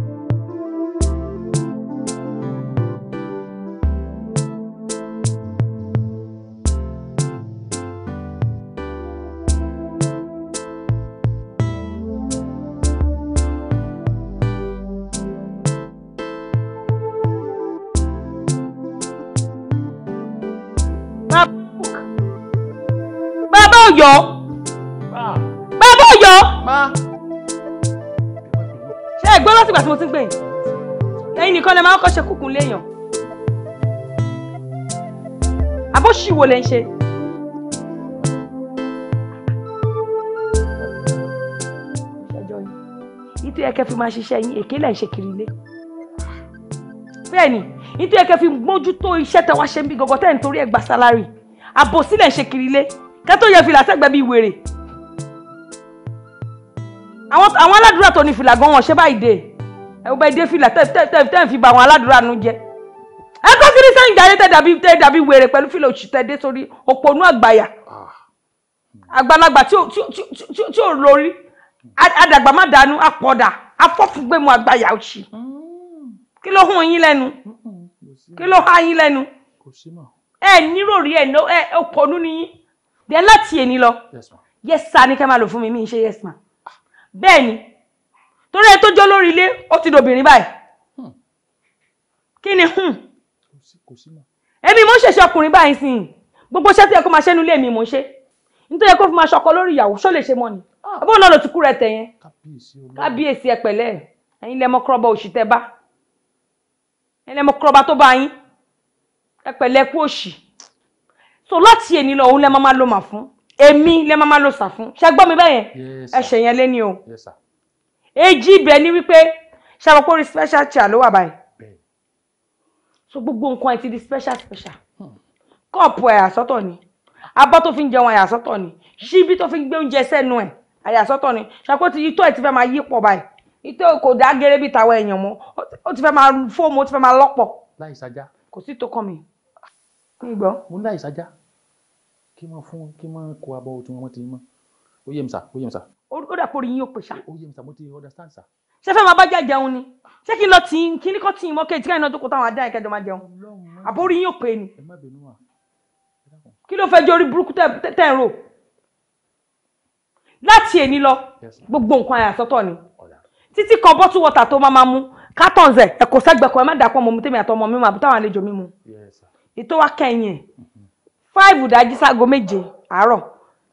lè ń ṣe. nítorí ẹ̀kẹ́ fi máa ṣiṣẹ́ yín èké lẹ̀ ń ṣe kiri ilé bẹ́ẹ̀ ni nítorí ẹ̀kẹ́ fi mójútó iṣẹ́ tẹ wá ṣe ń bí gọ́gọ́ tẹ̀ ń torí ẹ̀ gba sálárì àbòsí lẹ̀ ń ṣe kiri ilé kẹ́tọ́ yẹ fìlà sẹ́gbẹ́ bíi wèrè àwọn aládùúrà tó ní fìlà gan wọn ṣe báyìí dé ẹ̀ ò bá dé fìlà tẹ̀ tẹ̀ tẹ̀ fi bà àwọn aládùúrà nu jẹ́ ẹ kọ́ kiri sẹ́yìn jáde tẹ́ dàbí tẹ́ dàbí wèrè pẹ̀lú fílẹ̀ òṣìṣẹ́ dé sórí òpònú àgbàyà ah. àgbàlagbà tí ò lórí àdàgbà má dànù àpọ̀dà afọ́fúgbẹ́mu àgbàyà òṣì hmm. kí ló hùn yín lẹ́nu kí ló há yín lẹ́nu ẹ nírọ̀rí ẹ òpònú ni yín dẹ́ láti èní lọ yẹ́sà ni kẹ́ máa lò fún mi mi ń ṣe yẹ́sà bẹ́ẹ̀ ni torí ẹ tó jọ lórí ilé ó ti dòbìnrin báyìí hmm. kí ni hùn. Hmm kò sí mà. èmi mo ń ṣèṣe ọkùnrin báyìí sí i gbogbo iṣẹ́ tó yẹ kó máa ṣe nílé mi mo ń ṣe nítorí yẹ kó fi máa ṣọkọ lórí ìyàwó ṣó lè ṣe mọ́ ni àbúrò ah. náà ló ti kú rẹ tẹ̀ yẹn kábíyèsí ẹ pẹ̀lẹ́ ẹ̀yin lẹ́mọ kúrọ́bà òṣì tẹ bá ẹ̀yin lẹ́mọ kúrọ́bà tó bá yín ẹ pẹ̀lẹ́ kú òṣì so láti èní lọ òun lẹ́ máa lò mà fún èmi lẹ́ máa lò sà fún ṣe gbọ́ mi bẹ́yẹn ẹ̀ṣẹ̀ yẹn lé o èjì ibẹ̀ ni wípé ṣàpọ̀pọ̀ rí special chair ló wà báyìí so gbogbo nǹkan ẹ ti di special special kọ́ọ̀pù ẹ̀ àsọ́tọ̀ ni abọ́ tó fi ń jẹun ẹ̀ àsọ́tọ̀ ni ṣíbí tó fi ń gbé oúnjẹ sẹ́nu ẹ̀ àyàsọ́tọ̀ ni ṣàpọ̀ tí itọ́ ẹ̀ ti fẹ́ máa yí pọ̀ báyìí itọ́ kò dá gẹ́rẹ́ bíi tàwọn èèyàn mọ́ ó ti fẹ́ máa fóòmù ó ti fẹ́ máa lọ́pọ̀. láì sájà. kò sí tó kàn mí. ń gbọ́. mo ń láì sájà kí wọ́n fún kí wọ́n kó abọ́ tí wọ́n ti mọ́ ó yé mi sà ó yé mi sà. ó dà pé yín ó pè sà. ó yé mi sà mo ti understand sà ṣé fẹ́ máa bá jà jẹun ni ṣé kí n lọ tì í kí ní kọ́ tì í mọ́ kejì káyìn náà jókòó táwọn adá ìkẹjọ máa jẹun àbórí yín ò pé ni kí ló fẹ́ jẹ́ orí burúkú tẹ̀ ń rò láti èní lọ gbogbo nǹkan àyàsọ́tọ̀ ni títí kan bọ́tù wọ́tà tó máa máa mú kátọ̀nzẹ̀ ẹ̀kọ́ sẹ́gbẹ̀kọ́ ẹ má dàpọ̀ mọ́ mi tèmi àtọmọ mi àbí táwọn àlejò mi mu ètò wa kẹyìn ẹ̀ fáìvù dájí ságo méje àárọ̀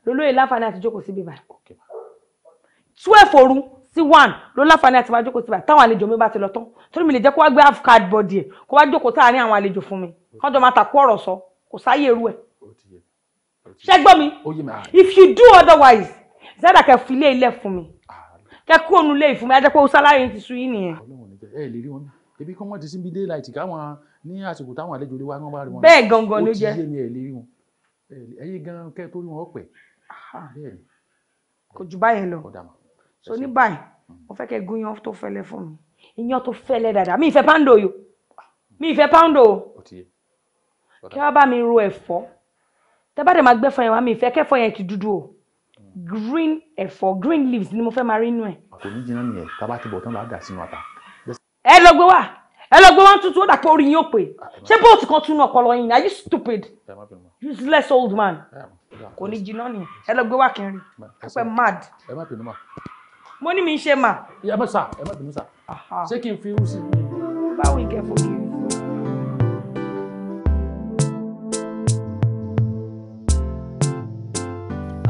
lólóyè láǹfààní àti jókòó síbí bá twelve òru sí one ló láǹfààní àti máa jókòó síbà táwọn àlejò mi bá ti lọ tán torí mi lè jẹ́ kó wá gbé half card body ẹ̀ kó wá jókòó táàárín àwọn àlejò fún mi kọ́jọ́ máa tàkú ọ̀rọ̀ sọ kò sáyé irú ẹ̀. ṣé gbọ́ mi if you do otherwise zada kẹ fi ilé ilẹ̀ fún mi kẹ kú òun lé ìfún mi ajẹ́ pé sálárì ti sú yín nìyẹn. ẹ lè rí wọn ebi kí wọn ti síbi daylight káwọn ní àsìkò táwọn àlejò lè wá wọn bá rí wọn. bẹ́ẹ̀ gangan ló jẹ́ ó ti yé mi ẹ lè rí wọn ẹyin gan kẹ tó rí wọn ọpẹ. kò jù báyẹn lọ so ní báyìí mo fẹ́ kẹ́ gún iyán tó fẹ́lẹ́ fún mi iyán tó fẹ́lẹ́ dáadáa mi ìfẹ́ pound yo mi ìfẹ́ pound o kí wọ́n bá mi ro ẹ̀fọ́ tẹ́ bá dẹ̀ máa yẹn wá mi ìfẹ́ kẹ́fọ́ yẹn ti dúdú o mm. green ẹ̀fọ́ green leaves ni mo fẹ́ máa rí inú ẹ̀. kò ní jiná nìyẹn tá a bá ti bọ̀ tán là á dà sínú ata. ẹ lọ gbé wá ẹ lọ gbé wá ń tutù ó dà pé orí yín ah, ṣé bóòtù kan tún ọpọlọ yín are you stupid useless old man kò ní jiná nìyẹn ẹ lọ gbé wá kiri ẹ pẹ mad. ẹ má bínú mà mo ní mi ṣe mà. ẹ má sà ẹ má bínú sà ṣé kí n fi irú sí i. báwo ìkẹ́ fún mi.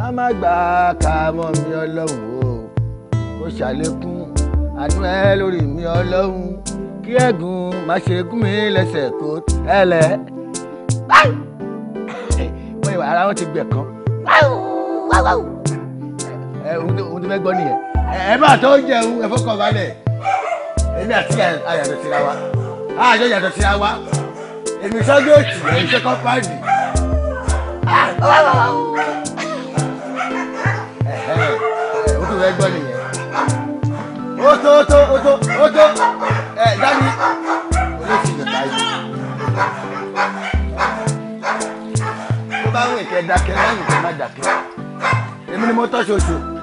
a má gbà ká mọ́ mi ọlọ́run o kó ṣàlékún àánú ẹ lórí mi ọlọ́run kí ẹ̀gún má ṣe gún mi lẹ́sẹ̀ kó tẹ́lẹ̀. wọ́n yìí wà ara wọn ti gbẹ̀ kan ohun tí fẹ́ gbọ́ nìyẹn ẹ bá tó jẹun ẹ fọkàn balẹ̀ èmi àti àyàtọ̀ síra wa àjọ yàtọ̀ síra wa èmi sọ́jọ́ òtù èmi ṣe kọ́páàdì. ó tún fẹ́ gbọ́ nìyẹn ó tó ó tó ó tó ó tó ẹ dání olóṣèlú báyìí. tó bá ń wèkẹ́ dákẹ́ lẹ́yìn tó má dákẹ́ èmi ni mo tọ́ ṣoṣo.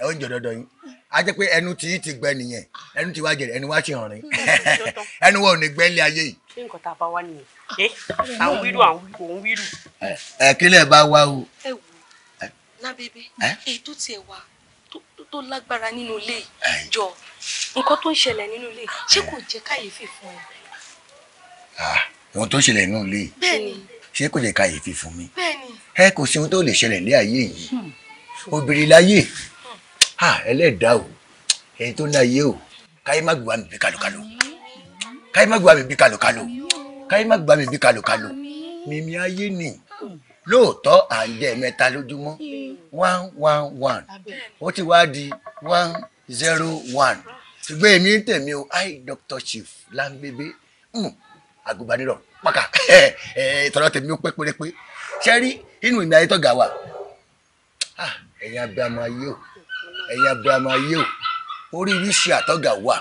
ó ń jọ dọdọ yín a jẹ pé ẹnu tí yìí ti gbẹ nìyẹn ẹnu tí wàá jẹrẹ ẹnu wàá ṣe hàn rí hmm, ẹnu wọn ò ní gbẹ ilé ayé yìí. kí nǹkan tá a bá wá nìyẹn ẹ à ń wíru à ń wíru. ẹ kílẹ̀ bá wá o. ẹ wò lábẹ́bẹ́ èyí tó tiẹ̀ wá tó lágbára nínú ilé jọ nǹkan tó ń ṣẹlẹ̀ nínú ilé ṣé kò jẹ́ kàyéfì fún ẹ. ohun tó ń ṣẹlẹ̀ nínú ilé ṣé kò jẹ́ kàyéfì fún mi ẹ kò sí ohun tó lè ṣẹlẹ̀ ní ayé yìí hmm. obìnrin láyé ha ẹlẹ́dàá o ẹni tó náà yé o káyé má gbà mí bí kálòkálò káyé má gbà mí bí kálòkálò káyé má gbà mí bí kálòkálò mímí ayé ni lóòótọ́ à ń jẹ mẹ́ta lójúmọ́ one one one ó ti wá di one zero one ṣùgbọ́n èmi ń tẹ̀mí o i Dr. Chief Lambebe agùnbánirọ̀ hmm, pàkà eh, tọ́lá tẹ̀mí ó pẹ́ pérépé ṣẹ́rí inú ìgbà ayé tọ́gà wà ah, ẹ̀yin abẹ́ àmọ́ ayé o ẹ̀yin abiyamọ ayé o orí wíṣì àtọ́gà wà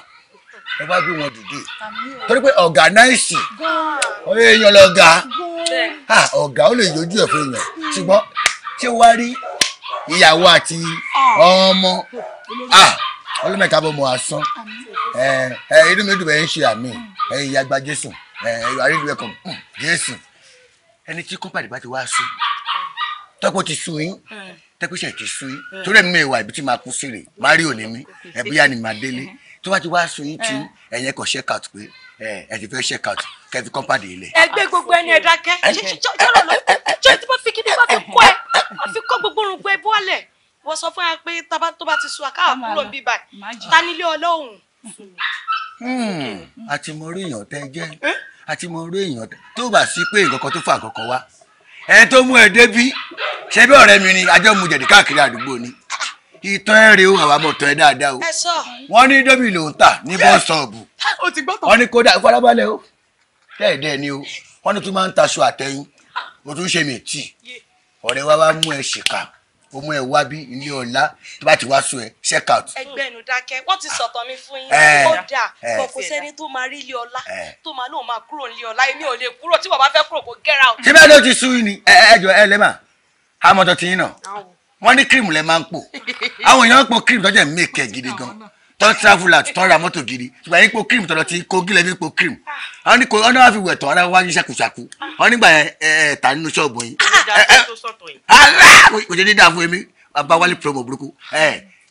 ẹ bá bí wọn dìde torí pé ọ̀gá náìsì ọ̀rẹ́ èèyàn lọ́gà ọ̀gá ó lè yọjú ẹ̀ fún èèyàn ṣùgbọ́n ṣé wàá rí ìyàwó àti ọmọ ọlọ́mẹ̀ká bọ́ mọ́ asán inú mi dùn bẹ́ẹ̀ ń ṣe àmì mm. ìyàgbá jésù àrídùn ẹ̀kọ́ mm, jésù ẹni tí kọ́ńpàdé bá ti wá sí tọ́pọ̀ ti sú yín hmm. tẹ́pẹ́sẹ̀ ti sú yín hmm. torí ẹ̀mí ìwà ibi tí máa kú sí rè mario ni mí hmm. ẹ̀bíyá ni màá délé tó bá ti wá sú yín tí ẹ̀yẹn kò check out pé ẹ ti fẹ́ check out kẹfí kọ́mpáàdì ilẹ̀. ẹgbẹ́ gbogbo ẹni ẹ̀dá kẹ́ jọ́rọ̀ ló jọ́ ti máa fi kí ni wọ́n fi kọ́ ẹ wọ́n fi kọ́ gbogbo orun gbé bọ́ọ̀lẹ̀ wọ́n sọ fún wa pé tó bá ti sú àkáwà kúrò bíbá ta nílé ọlọ́run. àti mo rí èèyàn tẹ jẹ́ àti èèyàn tó bá sí pé nǹkan kan tó fà kọ̀ọ̀kan wá ẹ tó mú ẹ débí ṣebí ọ̀rẹ́ mi ni ajọ mu jẹ̀dí káàkiri àdúgbò ni ìtọ́ ẹ rèé o àwa mọ̀ tọ́ ẹ dáadáa o wọ́n ní dómi ló tà ní bọ́ọ̀sọ̀ọ̀bù wọ́n ní kódà farabalẹ̀ o dẹ́ẹ̀dẹ́ ni o wọ́n ní tó máa ń taṣọ àtẹ̀yìn o tún ṣe mí tì ọ̀rẹ́ wa wá mú ẹ ṣìkà ọmọ ẹ wá bí ilé ọlá tó bá ti wá sọ ẹ check out. ẹgbẹ́ inú dákẹ́ wọ́n ti sọ̀tàn mi fún yín eh, ó dà kọ̀kọ́ eh. sẹ́ni tó máa rí ilé ọlá eh. tó máa lóun máa kúrò nílé ọlá èmi ò lè kúrò tí bàbá fẹ́ kúrò kó get out. tí bẹ́ẹ̀ ló ti sú ni ẹ ẹ lẹ́mà àmọ́tọ́ ti yín náà wọ́n ní cream lẹ́ máa ń pò àwọn èèyàn ń pò cream tọ́jà ń mèkẹ́ gidi gan tọ́ travel out tọ́ ra mọ́tò gidi ìgbà yín po cream tọ́lọ́ ti kogi lẹ́bí po cream wọ́n ní kò ọ́nà wá fi wẹ̀ tọ́ ara wá ní ṣàkúṣàkú wọ́n nígbà yẹn ẹ ẹ ta nínú ṣọ́ọ̀bù yín. kò jẹ́ dídá fún mi bàbá wálé promo burúkú ẹ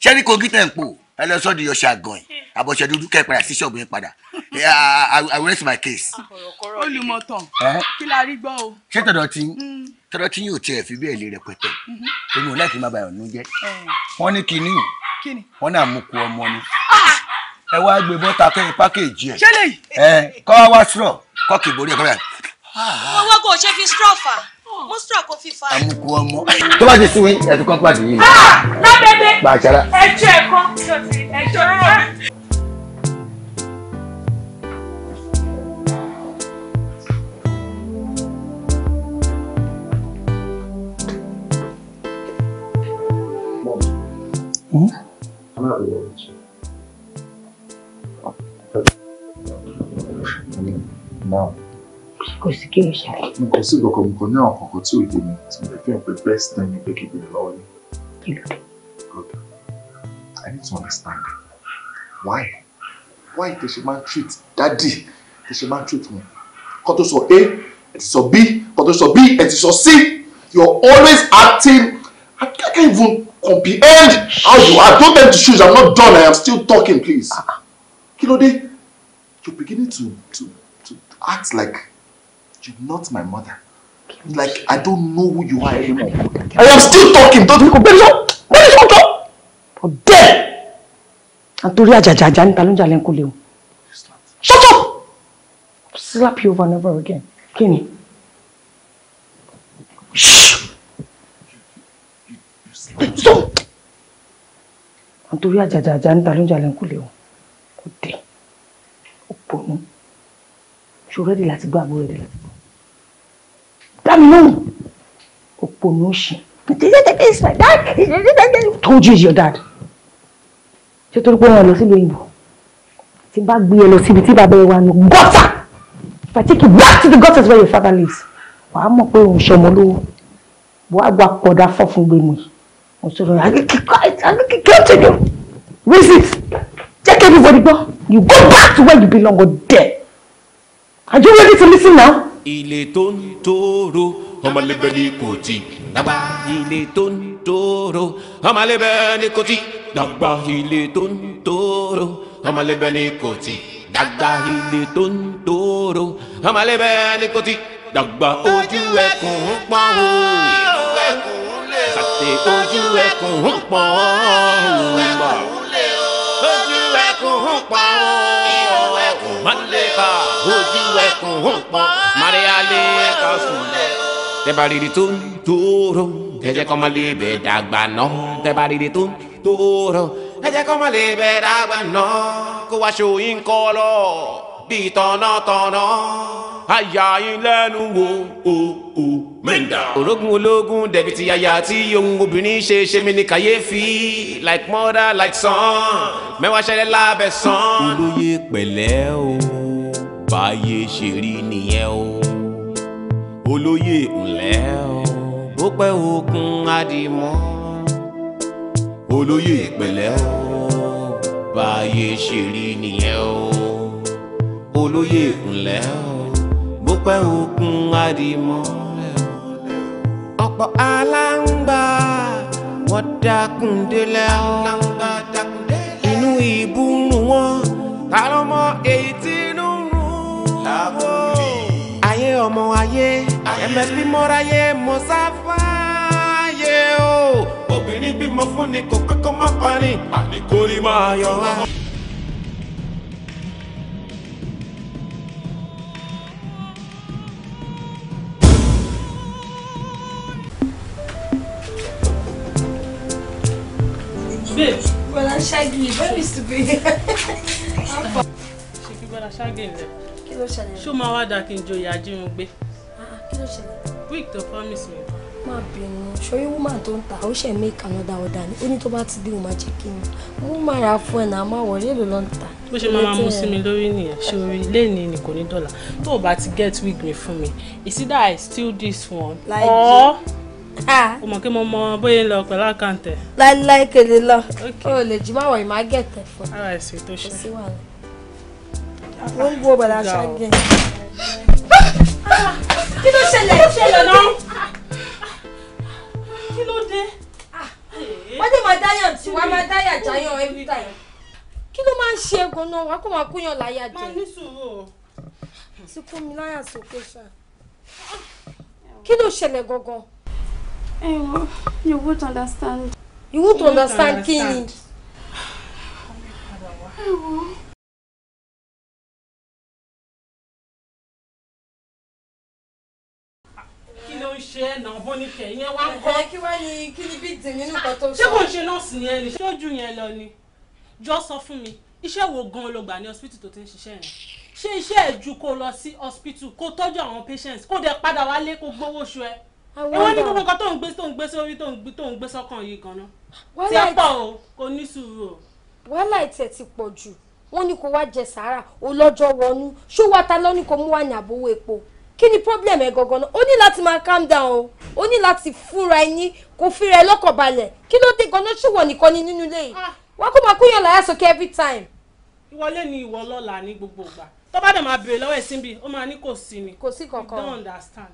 ṣé ní kogi tẹ̀ ń pò ẹ lọ sọ́ọ̀dì ọṣà gan-an àbọ̀ṣẹ́ dúdú kẹ́ padà sí ṣọ́ọ̀bù yín padà I will rest my case. olùmọ̀tàn kí la rí gbọ́ o. ṣé tọ̀dọ̀ ti mm. tọ̀dọ̀ ti yóò tiẹ̀ fi bẹ́ẹ̀ wọ́n náà mú ku ọmọ ni ẹ wá gbé bọ́ta kẹ́yìn pákéèjì ẹ̀ ẹ kọ́ wá sírọ̀ kọ́kì borí ẹ̀ kọ́ bẹ́ẹ̀. owó kò ṣe fi sírọ̀ fà mú sírọ̀ kò fi fà. àmukù ọmọ. tó bá ti sunwín ẹ̀sùn kan pàdé yìí. Ah! lábẹ́bẹ́ ẹ̀jẹ̀ kan ẹ̀jẹ̀ rọrùn. останавливаются. Now. Kò sí kí o ṣe. N kò sí ìkọ̀kọ̀ mi kan ní àwọn kọ̀ọ̀kan tí ò best time ni pé kí n Good. I need to understand why why does ṣe man treat daddy Does ṣe man treat me? Kọ́ so A ẹ ti sọ B kọ́ so B ẹ ti sọ C You're always acting I can't even comprehend how you are. Don't bend to choose. I'm not done. I am still talking, please. Ah, ah. Kí ló dé, you're beginning to, to, to act like you're not my mother. Like I don't know who you are anymore. I am still talking. Don't go bend down. What is down. For dead. Antori ah, ajajaja ni talon jalen kule o. Shut up. Slap you over and over again. Kenny. Shh stop. nítorí àjàjàjà ń ta ló ń jalè ń kúlẹ̀ o kò dé ó pọnú ṣòro ẹ̀dì láti gbọ́ àbúrò ẹ̀dì láti gbọ́ dá mi lóhùn ó pọnú ó ṣe it's my dad told you it's your dad ṣé torí pé wọn lọ sílùú òyìnbó tí bá gbé ẹ lọ síbi tí bàbá ẹ wà ní gọ́tà if I take you back to the gutters where your father lives wàá mọ̀ pé òun ṣọmọ lówó wàá gba kọ̀dá fọ́ fún gbẹmí ọ̀sọ̀rọ̀ akíkẹ́ọ̀tẹ̀dọ̀ visit check everybody go you go back to where you belong or there are you ready to listen now. ilé tó ń tóró ọmọlẹ́bẹ̀ ni kò tí dàgbà ilé tó ń tóró ọmọlẹ́bẹ̀ ni kò tí dàgbà ilé tó ń tóró ọmọlẹ́bẹ̀ ni kò tí dàgbà ilé tó ń tóró ọmọlẹ́bẹ̀ ni kò tí dàgbà ojú ẹkùn pọ́n o ṣe ojú ẹkùn ń pọ̀ ń bọ̀ ojú ẹkùn ń pọ̀ ìhò ẹkùn lè ka ojú ẹkùn ń pọ̀ Maria lè ka sùn. tẹ́bà rírì tó ń tóró ẹ̀jẹ̀ kọ́ máa lè bẹ̀ dàgbà náà tẹ́bà rírì tó ń tóró ẹ̀jẹ̀ kọ́ máa lè bẹ̀ dàgbà náà kó wá ṣòyìn kọ́ lọ bíi tọ̀nàtọ̀nà àyà yín lẹ́nu wo o o mẹ́ta. orogún ológun dẹ̀bi ti yàyà tí ohun obìnrin ṣe ṣe mí ní kàyéfì like mother like son mẹ́wàá ṣẹlẹ̀ lábẹ́ san. olóyè pẹ̀lẹ́ o báyé ṣe rí nìyẹn o olóyè ńlẹ́ o ó pẹ́ okun adìmọ́ olóyè pẹ̀lẹ́ o báyé ṣe rí nìyẹn o olóyè ìkúnlẹ̀ o bópẹ́ òkun àdìmọ́ ọ̀pọ̀ aláǹgbá wọ́n dákun délẹ̀ o inú ìbú ń rùn wọ́n ta ló mọ èyí tí inú ń rùn ayé ọmọ ayé msp mọ́ráyé mọ́sáfá o obìnrin bímọ fún ni kò kọ́kọ́ má parí àní kórìí máa yọ wá. Shaggy. Where is to be? Ṣé kí bọ́dà Shaggy rẹ̀? Kí ló ṣẹlẹ̀? Ṣó máa wá dà kí n joyè ajínrun gbé? Ah, ah, kí ló ṣẹlẹ̀? Week tó promise mi. woman don't ń ta, ó ṣe make another order ni. Ó to tó bá ti bí Woman, máa phone. kí n. Mo máa ra fún ẹ̀ náà, máa wọlé ló lọ ń ta. Bó ṣe máa mú sí mi lórí nìyẹn, ṣorí lẹ́ẹ̀ni ni kò ní dọ́là. Tó o get wig mi fún mi, is it that I steal this one? Like or o mọ̀ kí mo mọ bóyá ń lọ pẹ̀lú àkáǹtẹ̀. láíláí kele lọ o lè jí máa wọ̀ ìmá gẹ̀tẹ̀ fún. ara ẹ̀ sì tó ṣe. wọ́n ń gbọ́ bàdà ṣáàgẹ̀. kí ló ṣẹlẹ̀ ṣẹlẹ̀ náà kí ló dé. Ah, eh. wọ́n dé máa dáyà tí wọ́n máa dáyà jáyàn every time. kí ló máa ń ṣe egun náà wọ́n kò máa kúyàn láyà jẹ. máa ní sùúrù o. ti kún mi láyà sókè ṣá. kí ló ṣẹlẹ̀ gangan. Ewo, eh, you won't understand. You won't understand kini. Ewo. iṣẹ́ wo gan lo gbà ní hospital tó ti ń ṣiṣẹ́ yẹn? Ṣé iṣẹ́ ẹ̀ ju kó lọ sí hospital kó tọ́jú àwọn patients kó dẹ̀ padà wálé kó gbowó oṣù ẹ? ìwọ ní gbogbo nǹkan tó ń gbé tó ń gbé sórí tó ń gbé tó ń gbé sọ́kàn yìí gan-an tí ẹ pọ̀ o kò ní sùúrù o. wàhálà ìtẹ̀ ti pọ̀ jù wọ́n ní kó wá jẹ sàárà olọ́jọ́ wọnú ṣó wá ta lọ́ ní kó mú wá ní àbówó epo kí ni problem ẹ gangan náà o ní láti máa calm down o o ní láti fúnra ẹni kó fira ẹ lọ́kàn balẹ̀ kí ló dé ganan ṣùwọ̀n nìkan ni nínú ilé yìí ah. wọ́n kó máa kúyàn láyà sókè every time. ìwọlé ni ìwọ lọ́la ní gbogbo ìgbà tó bá dẹ̀ máa béèrè lọ́wọ́ ẹ̀ síbi ó máa ní kò sí ni. kò sí kankan. you don't understand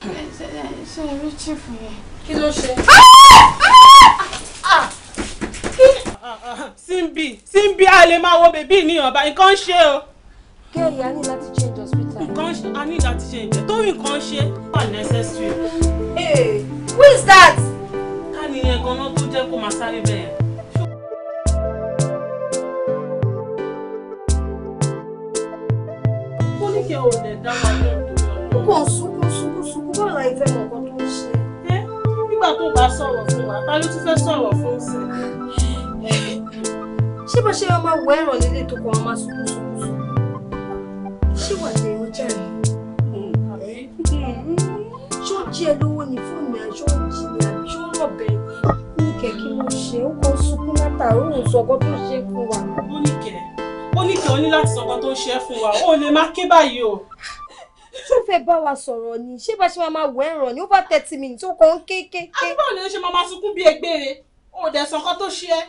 ṣe rí yẹn. kí ló ṣe. Ah! Ah! Ah! Simbi Simbi a lè máa wo bèbí ìníyàn bá nǹkan ṣe o. kẹ́rì a ní láti change hospital. nǹkan ṣe a ní láti change torí nǹkan ṣe necessary. ee who is that. ká nìyẹn ganan tó jẹ́ kó máa sáré bẹ́ẹ̀. mo ní kí ẹ ò lè dá wa ọ̀rọ̀ ìfẹ́ mọ̀kàn tó ń ṣe. nígbà tó bá sọ̀rọ̀ fún wa ta ló tún fẹ́ sọ̀rọ̀ fún sí. ṣé bá ṣe ọmọ wọ ẹ̀rọ nílé tó kọ́ ọmọ sùkúrù sùkúrù ṣé wà ní ẹ̀rọ jẹ́rìí ṣó ẹ lówó ní fóònù ẹ ṣó jí ẹ àbí ní kẹ̀kí ló ṣe ó kọ́ sunkún látàrí òun sọ̀kọ́ tó ṣe fún wa. ó ní kẹ́ ó ní kẹ́ ó ní láti sọ̀kọ́ tó ṣe fún wa ó lè má ké báyìí o ṣó fẹ́ bá wa sọ̀rọ̀ ni ṣé bá ṣe máa máa wọ ẹ̀ràn ní over thirty minutes ó kàn ń kéékèèké. àbúrò lè ṣe máa máa sunkún bí egbére o ò dẹ̀ sọ̀kan tó ṣe é.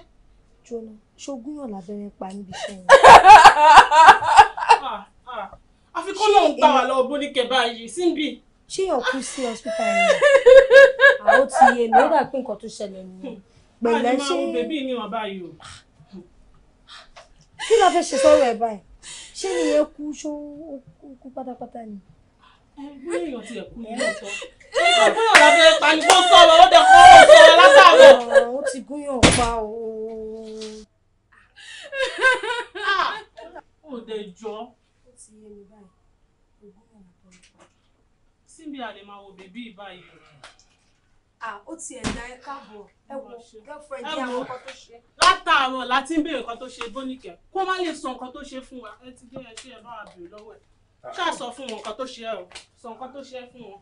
jọ̀nà ṣogún yàn lábẹ́rẹ́ pa níbi iṣẹ́ yẹn. Ah, ah, ah. àfi kó lóun gbà wá lọ́wọ́ bóníkẹ́ báyìí síbi. ṣé yàn kú sí hospital yẹn àwọn ti yé mi ó dà pé nǹkan tó ṣẹlẹ̀ nìyẹn hmm. pẹ̀lẹ́ ṣe. àwọn bèbí mi wà báyìí o. kí ló fẹ́ ṣe sọ́rọ̀ ẹ̀ báyìí ṣé nìyẹn kú ṣó kú pátápátá ni ẹgbẹ́ láti ń béèrè nǹkan tó ṣe bóníkẹ́ kó má lè sọ nǹkan tó ṣe fún wa ẹ ti dé ẹ ṣe ẹ bá wa béèrè lọ́wọ́ ẹ̀ ṣáà sọ fún wọn nǹkan tó ṣe ẹ o sọ nǹkan tó ṣe ẹ fún wọn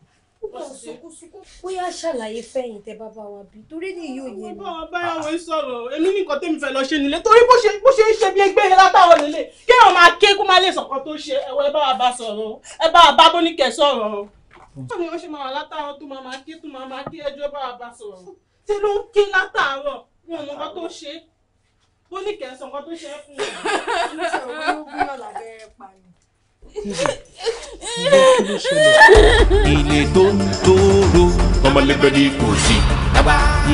bóyá ṣàlàyé fẹ̀yìn tẹ bàbá wa bí torí ní yóò yé mi. báwa báyà wọ́n sọ̀rọ̀ èmi nìkan tẹ́mi fẹ́ lọ ṣe nílé torí bó ṣe bó ṣe ń ṣe bí ẹgbẹ́ yẹn látàwọn nílé kí èèyàn máa ké kó máa lè sọ̀kan tó ṣe ẹ̀wọ̀ ẹ báwa bá sọ̀rọ̀ ẹ báwa bá bóníkẹ́ sọ̀rọ̀ báwo ni wọ́n ṣe máa wà látàwọn tó máa máa ké tó máa máa ké ẹjọ́ báwa bá sọ̀rọ̀ tí ló ń ké látàárọ̀ wọn mọ nǹkan tó ṣe bóníkẹ́ sọ̀kan tó ilé tó ń tóró ọmọlẹ́bẹ̀ ni kò sí.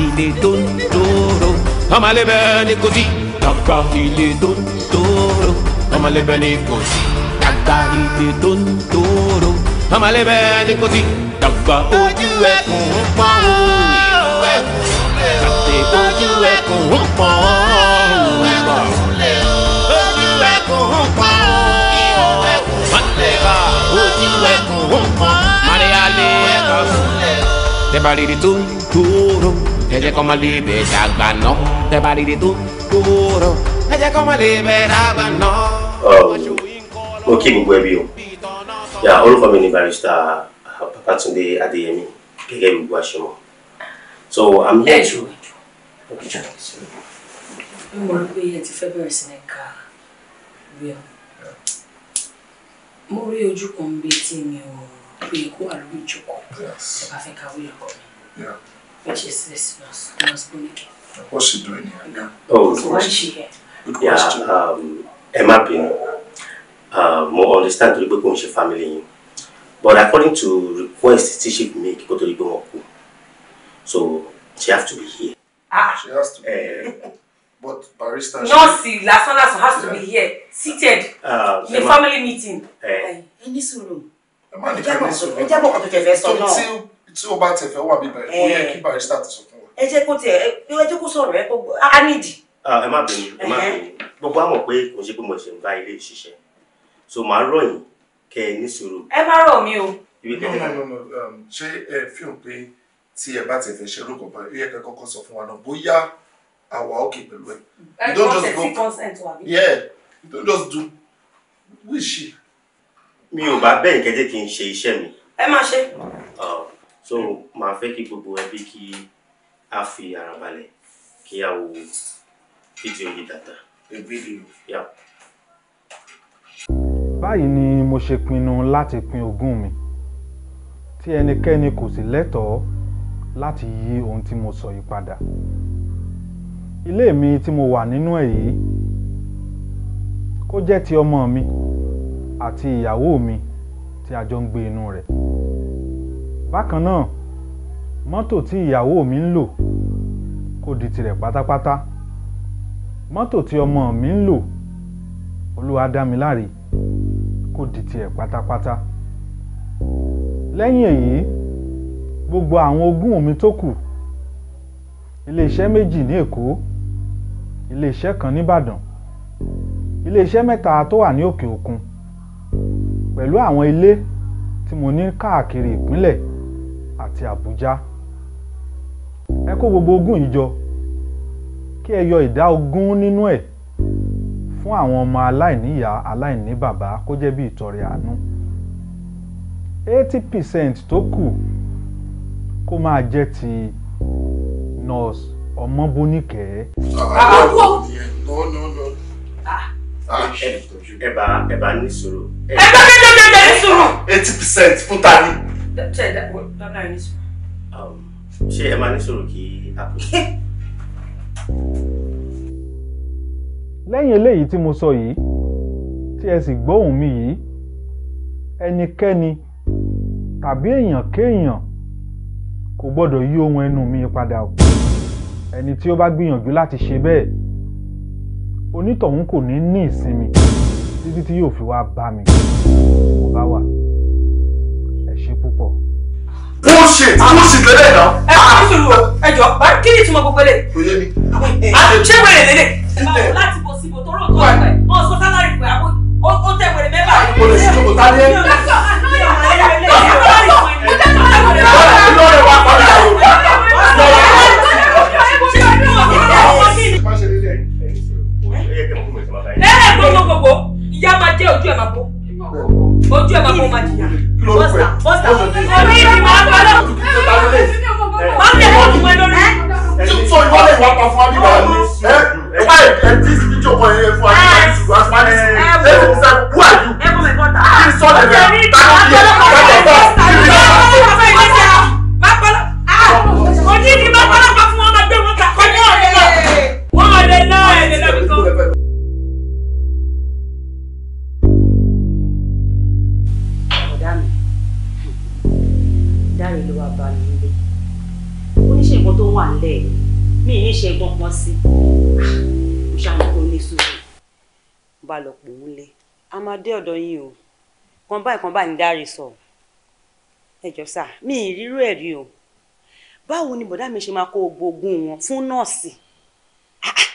ilé tó ń tóró ọmọlẹ́bẹ̀ ni kò sí. dàgbà ilé tó ń tóró ọmọlẹ́bẹ̀ ni kò sí. dàgbà ilé tó ń tóró ọmọlẹ́bẹ̀ ni kò sí. dàgbà ojú ẹkùn ń pọ́n o. ojú ẹkùn ń pọ́n o. ẹkùn ó pọn mariale ẹkùn sílẹ̀ o. tẹ́bàrìrì tó ń tóró ẹ̀jẹ̀ kọ́ máa lè bẹ̀ dàgbà náà tẹ́bàrìrì tó ń tóró ẹ̀jẹ̀ kọ́ máa lè bẹ̀ dàgbà náà. mo kí gbogbo ẹbí o ya orúkọ mi ni barista Babatunde Adéyẹmí gẹ́gẹ́ bí gbogbo àṣemọ so i'm here to. mo mọ̀ pé ẹ ti fẹ́ bẹ̀rẹ̀ sí ní ká rí mo rí ojú kan bí tí mi ò pé kó wà lórí ìjókòó ẹ bá fẹ́ ka ọkọ mi which is this nurse nurse bonike. what's she doing here again. oh so why she here. yeah, question. Um, ẹ má bínú uh, mo understand torí pé kò ń ṣe family yín but according to request tí she make kó tó di pé wọn kú so she have to be here. ah she has to be eh, here. But barrister. Nọ́ọ̀sì lásán lásán has to be here seated uh, in a family meeting. Ẹni eh. sùúrù. Ẹ má nìkan ní sùúrù. Ẹ jẹ́ bọ̀ kọ́tò tẹ̀fẹ́ sọ it's Tí bad. bá tẹ̀fẹ́ wà bíbẹ̀, ó yẹ eh. kí barrister ti sọ fún wa. Ẹ jẹ́ kó tiẹ̀ ẹ jẹ́ kó sọ̀rọ̀ ẹ kó a nídìí. Ah, ẹ má bínú ẹ má eh. bínú. Gbogbo àmọ̀ pé kò ṣe pé mo ṣe ń bá ilé ìṣiṣẹ́. So màá rọ̀ yín kẹ́ ẹ ní sùúrù. Ẹ má rọ̀ mí o. Um, ṣé ẹ fi hàn pé tí ẹ bá tẹ̀fẹ́ ṣe lóko bá ẹ yẹ kẹ́ kọ́kọ́ sọ fún wa náà bóyá àwa ah, òkè pẹ̀lú ẹ̀. Eh, you don't just go yeah you don't just do wish. mi ò bá bẹ́ẹ̀ kẹ́jẹ́ kí n ṣe iṣẹ́ mi. ẹ máa ṣe. Oh, so màá fẹ́ kí gbogbo ẹbí kí a fi ara balẹ̀ kí a wo fídíò yìí dáadáa. a video. yeah. báyìí ni mo ṣe pinnu láti pín ogún mi tí ẹnikẹ́ni kò sì lẹ́tọ̀ọ́ láti yí ohun tí mo sọ yìí padà ilé mi tí mo wà nínú ẹ̀ yìí kó jẹ́ ti ọmọ mi àti ìyàwó mi tí a jọ ń gbé inú rẹ̀ bákan náà mọ́tò tí ìyàwó mi ń lò kó di tirẹ̀ pátápátá mọ́tò tí ọmọ mi ń lò Olúwadámiláre kó di tirẹ̀ pátápátá lẹ́yìn èyí gbogbo àwọn ogún mi tó kù iléeṣẹ́ méjì ní Èkó iléeṣẹ́ kan nìbàdàn iléeṣẹ́ mẹ́ta tó wà ní òkè òkun pẹ̀lú àwọn ilé tí mo ní káàkiri ìpínlẹ̀ àti àbújá ẹ kó gbogbo ogún yìí jọ kí ẹ yọ ìdá ogún nínú ẹ̀ fún àwọn ọmọ aláìníyá aláìní bàbá kó jẹ́ bí ìtọrẹ àánú eighty percent tó kù kó máa jẹ́ ti nurse ọmọ boníkẹ́. àbúrò ah, ẹ bá ẹ bá ní sòrò. ẹ bá ní sòrò ẹ bá ní sòrò. eighty percent fún ta ni. Um, ṣé ẹ máa ní sòrò kí a kò. lẹ́yìn eléyìí tí mo sọ yìí tí ẹ sì gbọ́ ohùn mi yìí ẹnikẹ́ni tàbí èèyàn kéèyàn kò gbọ́dọ̀ yí ohun ẹnu mi padà o ẹni tí ó bá gbìyànjú láti ṣe bẹ́ẹ̀ onítọ̀hún kò ní ní ìsinmi títí tí yóò fi wá bá mi mo bá wà ẹ ṣe púpọ̀. wọ́n ṣe wọ́n ṣe lélẹ̀ náà. ẹ kò ní sùúrù o ẹ jọ bá kí ni ìtumọ̀ gbogbo lè. kò yé mi. ṣé wèrè lélẹ̀. báwo láti bọ̀ síbò tó rò tó rẹ̀ ọ̀ sọ sálárì pé àwọn ó tẹ̀ wèrè mẹ́fà. àìkò lè ṣe kò tá dé. ọ̀rẹ́ mi lọ́rẹ̀ wà pa dé ojú ẹ̀ máa bọ́ ojú ẹ̀ máa bọ́ máa jìyà bọ́sà bọ́sà ẹ̀rọ yìí máa bọ́ lọ́wọ́ máa bẹ̀rẹ̀ ọ̀dùnmọ́ lórí. sọ pa fún abíbá nǹkan báyìí kan báyìí ń dáre sọ ẹjọ sà mí ìrírú ẹ rí o báwo ni bọ̀dá mi ṣe máa kó gbogbo oògùn wọn fún nọ́ọ̀sì ah, ah,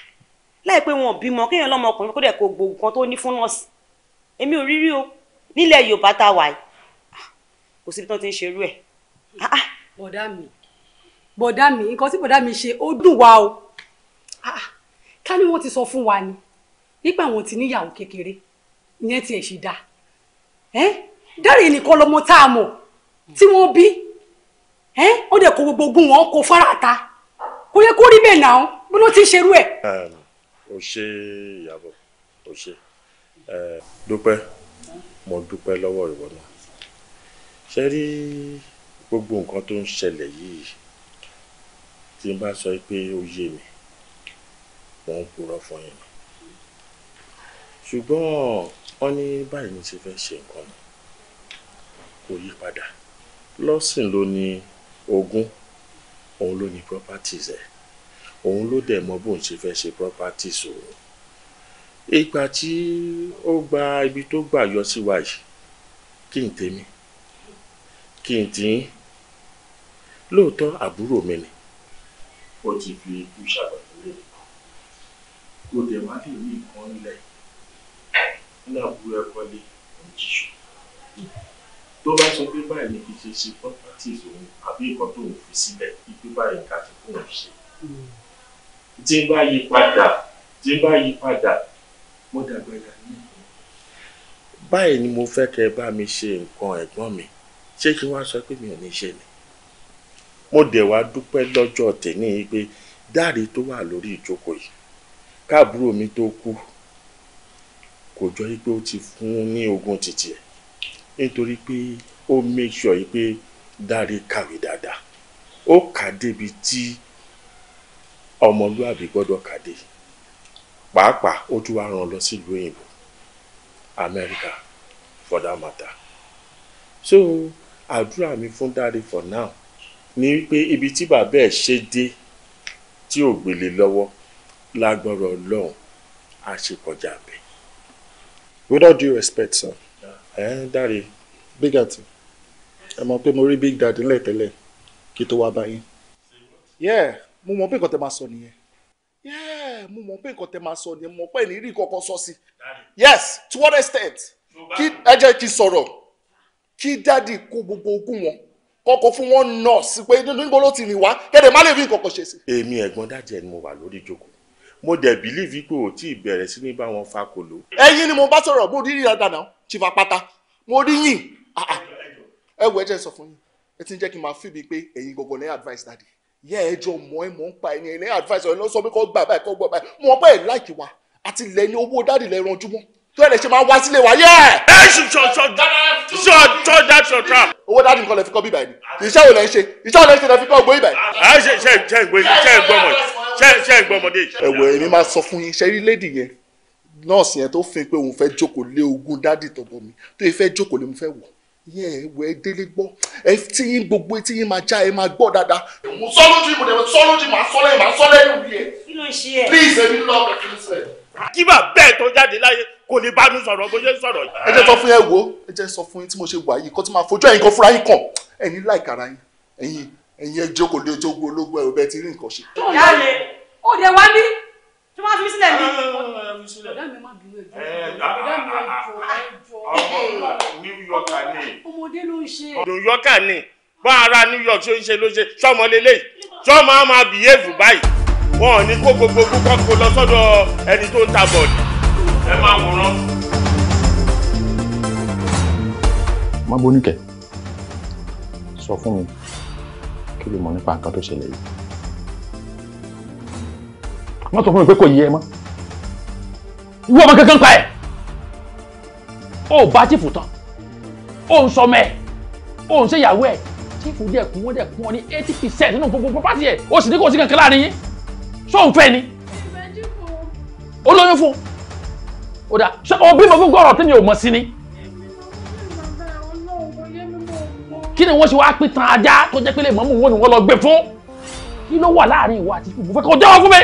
láì pé wọn bímọ kéèyàn lọ́mọkùnrin kó dẹ̀ kó gbogbo nǹkan tó ní fún nọ́ọ̀sì èmi ò rírí o nílẹ̀ Yorùbá tá a wà yìí ah, kò síbi tí wọ́n ti ń ṣerú ẹ̀. bọ̀dá mi bọ̀dá mi nǹkan tí bọ̀dá mi ṣe ó dùn wá o ká ní wọ́n ti sọ fún wa ni nígbà wọn ti níyàwó kékeré ìyẹn tiẹ̀ ṣì dáa Dárì nìkan lọmọ tá a mọ̀ tí wọ́n bí ó dẹ̀ kó gbogbo ogun wọn kó fárata kó yẹ kó rí bẹ́ẹ̀ náà bí ló ti ń ṣerú ẹ̀. o ṣe ìyàbọ̀ o ṣe dúpẹ́ mo dúpẹ́ lọ́wọ́ ìwọ náà ṣe rí gbogbo nǹkan tó ń ṣẹlẹ̀ yìí tí n bá sọ pé ó yé mi mo ń purọ́ fún yín ṣùgbọ́n wọ́n ní báyìí ní ṣe fẹ́ ṣe nǹkan mọ́ kò yí padà lọ́sìn ló ní ogún òun ló ní properties ẹ̀ òun ló dẹ̀ mọ bóun ṣe fẹ́ ṣe properties òun ìgbà tí ó gba ibi tó gbà yọ sí wa yìí kí n tèmi kí n tì í lóòótọ́ àbúrò mi ni. ó ti fi ikú ṣàbàtúrẹ́ kó dẹ̀ má lè rí nǹkan ńlẹ̀ yìí lábúrò ẹ̀kọ́ lé jíṣù tó bá sọ pé báyìí ni kì í ṣe ṣe properties òun àbí nǹkan tó ń fi sílẹ̀ ipe báyìí ká ti fún òun ṣe tí n bá yí padà tí n bá yí padà mo dàgbà ìgbà ní. báyìí ni mo fẹ́ kẹ́ ẹ bá mi ṣe nǹkan ẹ̀gbọ́n mi ṣé kí wàá sọ pé mi ò ní ṣe ni mo dẹ̀ wá dúpẹ́ lọ́jọ́ tèmi pé dáre tó wà lórí ìjókòó yìí káàbúrò mi tó kú kò jọ yí pé ó ti fún ní ogún títì ẹ̀ nítorí pé ó make sure yí pé Dáre kàwé dáadáa ó kà débi tí ọmọlúàbí gbọ́dọ̀ kà dé pàápàá ó tún wá rán lọ sílùú òyìnbó Amẹ́ríkà for that matter so àdúrà mi fún Dáre for now ni wípé ibi tí bàbá ẹ̀ ṣe dé tí ò gbélé lọ́wọ́ lágbọ́rọ̀ ọlọ́run á ṣe with all due respect sir ẹ ń eh, dáre big àti ẹ mọ̀ pé mo rí big daddy lẹ́tẹ̀lẹ̀ kí tó wá báyìí. yeah mo mọ̀ pé nǹkan tẹ máa sọ nìyẹn yeah mo mọ̀ pé nǹkan tẹ máa sọ nìyẹn mo mọ̀ pé ìrírí kọ̀ọ̀kan sọ sí yes to what extent kí ẹ jẹ́ kí sọ̀rọ̀ kí dáàdi kó gbogbo ogún wọn kọ́kọ́ fún wọn nọ́ọ̀sì pé níbo ló ti rìn wá kẹ́dẹ̀ má lè rí nǹkan kan ṣe sí. èmi ẹ̀gbọ́n dájẹ́ ni mo wà lórí ìjókòó mo dẹ̀ bìlíìfì pé òun tí ì bẹ̀rẹ̀ sí ní bá wọn fa kòló. ẹ̀yin ni mo bá sọ̀rọ̀ mo rí rí ọ̀dà náà chief pata. mo rí yìn ah, ah. ẹ wọ ẹjẹ sọ fún yín ẹ ti ń jẹ́ kí n máa fìbí pé ẹ̀yin gbogbo lẹ́yìn advice dáadé yẹ ẹjọ́ mọ́ ẹ mọ́ ń pa ẹni ẹ̀yìn advice ọ̀rẹ́ ló sọ pé kó gbà báyìí kó gbà báyìí mo pẹ́ ẹ̀ láìkí wa àti ilẹ̀ ni owó dáàdì lẹ́ ranjú mọ́ tó ẹ̀rẹ̀ ṣe máa wá sílé wa yẹ. ẹ ṣù ṣọ ṣọ ṣọ ṣọ that your trap. owó dáàdì nǹkan lè fi kọ́ bí ibà yìí iṣẹ́ wo lẹ́ ń ṣe iṣẹ́ wo lẹ́ ń ṣe lẹ́ fi kọ́ gbó ibà yìí. ẹ ṣe ṣe ṣe ìgbẹ́ ṣe ìgbọ́mọ̀ yìí ṣe ṣe ẹgbẹ ọmọdé. ẹ̀wẹ̀ èmi máa sọ fún yín ṣe rí lédi yẹn nọ́ọ̀sì yẹn tó fi pé òun fẹ́ jókòó lé ogún dádì tọ̀dọ̀ mi tó yẹ fẹ́ jókòó lé mo fẹ́ wọ̀ yẹ ẹ̀wẹ̀ délé gbọ́ ẹ tí yín gbogbo tí yín máa já ẹ máa gbọ́ dáadáa. mo sọ lójú ibùdó mo sọ lójú màá sọ lẹ́yìn màá sọ lẹ́yìn òbí kí ló ń ṣe ẹ. please ẹni lọ́ọ̀kẹ́ kí ló ń ṣe ẹ kí bá bẹ́ẹ̀ tó jáde láyé kò lè bá mi sọ̀rọ̀ bó ṣe ń sọ̀rọ̀ yìí. ẹ jẹ́ sọ fún ẹ wo ẹ jẹ́ sọ fún yín tí mo ṣe wà yìí kó tí máa fojú ẹ̀yin kan fúnra yín kàn ẹ̀yin láìkàrà yín ẹ̀yin ẹ̀yin ẹjọ́ kò lé ojógun ológun ẹ̀rọ bẹ́ẹ̀ ti rí nǹkan ṣe. yáàlè ó dé wá ní tí wọ́n fi sílẹ̀ ní. ọ̀dà mi má bínú ẹjọ́ ọ̀dà mi ẹjọ́ ẹjọ́. ọmọ New York ni. ọmọdé ló ń ṣe. New York ni bá ara New York ṣe ń ṣe ló ṣe sọmọ lélẹ́yìí sọmọ á máa bìyèvù báyìí wọn ò ní kó gbogbo kókó kó lọ sọ́dọ̀ ẹni tó ń ta bọ̀dì. ẹ máa wòran. má boníkẹ́ sọ fún mi lè mọ̀ nípa nǹkan tó ṣẹlẹ̀ yìí wọ́n sọ fún mi pé kò yí ẹ mọ́ ìwọ ọmọ kankan pa ẹ̀ ó bá tìfù tán ó ń sọmọ ẹ̀ ó ń ṣèyàwó ẹ̀ tìfù dẹ̀ kún wọ́n dẹ̀ kún ọ ní eighty percent nínú gbogbo pátì ẹ̀ ó sì ní kò sí kankan láàrin yín sóun fẹ́ ni olóyún fún ó dà ṣé o bímọ fún gbọ́rọ̀ tí mi ò mọ̀ sí ni. kí ni wọ́n ṣe wáá pín tan ajá tó jẹ́ pé lè mọ́mú wọn ni wọ́n lọ gbé fún kí ló wà láàrin ìwọ àti ìbò fẹ́ kó jẹ́wọ́ fún mi.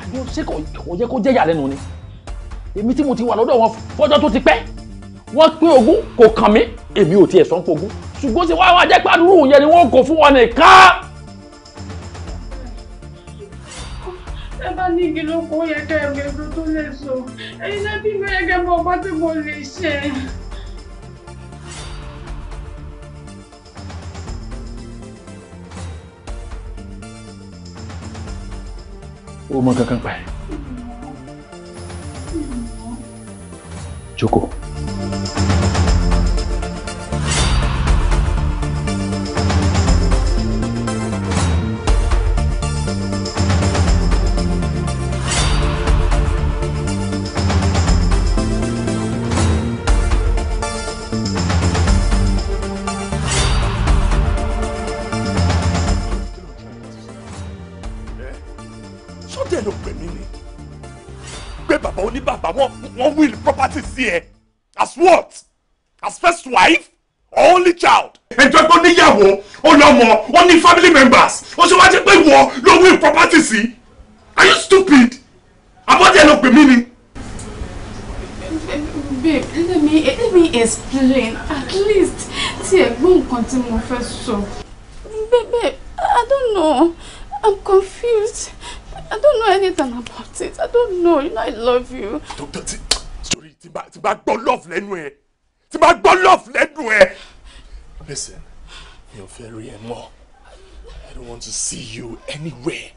àjọ ṣé kò jẹ́ kó jẹ́ ìyàlẹ́nu ni èmi tí mo ti wà lọ́dọ̀ wọn fọ́jọ́ tó ti pẹ́ wọ́n pín ogún kò kàn mí èmi ò tiẹ̀ sọ́n pé ogún ṣùgbọ́n ṣe wá wá jẹ́ pé àdúrú yẹn ni wọ́n kò fún wọn nìkan. ní kí ló kó yẹ ká ẹgbẹ́ tó tó lè sọ ẹni náà bí mo yẹ ká mọ ọgbọ́n tí One will property sí as what as first wife or only child. ẹjọ́ pé ó níyàwó or no more? Only family members ó ṣe wá jẹ́ pé wọ́n ló will property sí are you stupid About the pè mí ni. babe let me let me explain at least see, ẹ̀gbọ́n nǹkan tí first fẹ́ Babe, babe i don't know i'm confused. I don't know anything about it. I don't know. You know, I love you. Doctor, tí bá gbọ́ love lẹ́nu ẹ̀ tí bá gbọ́ love lẹ́nu ẹ̀. listen mi ò fẹ́ rí ẹ mọ́ i don't want to see you anywhere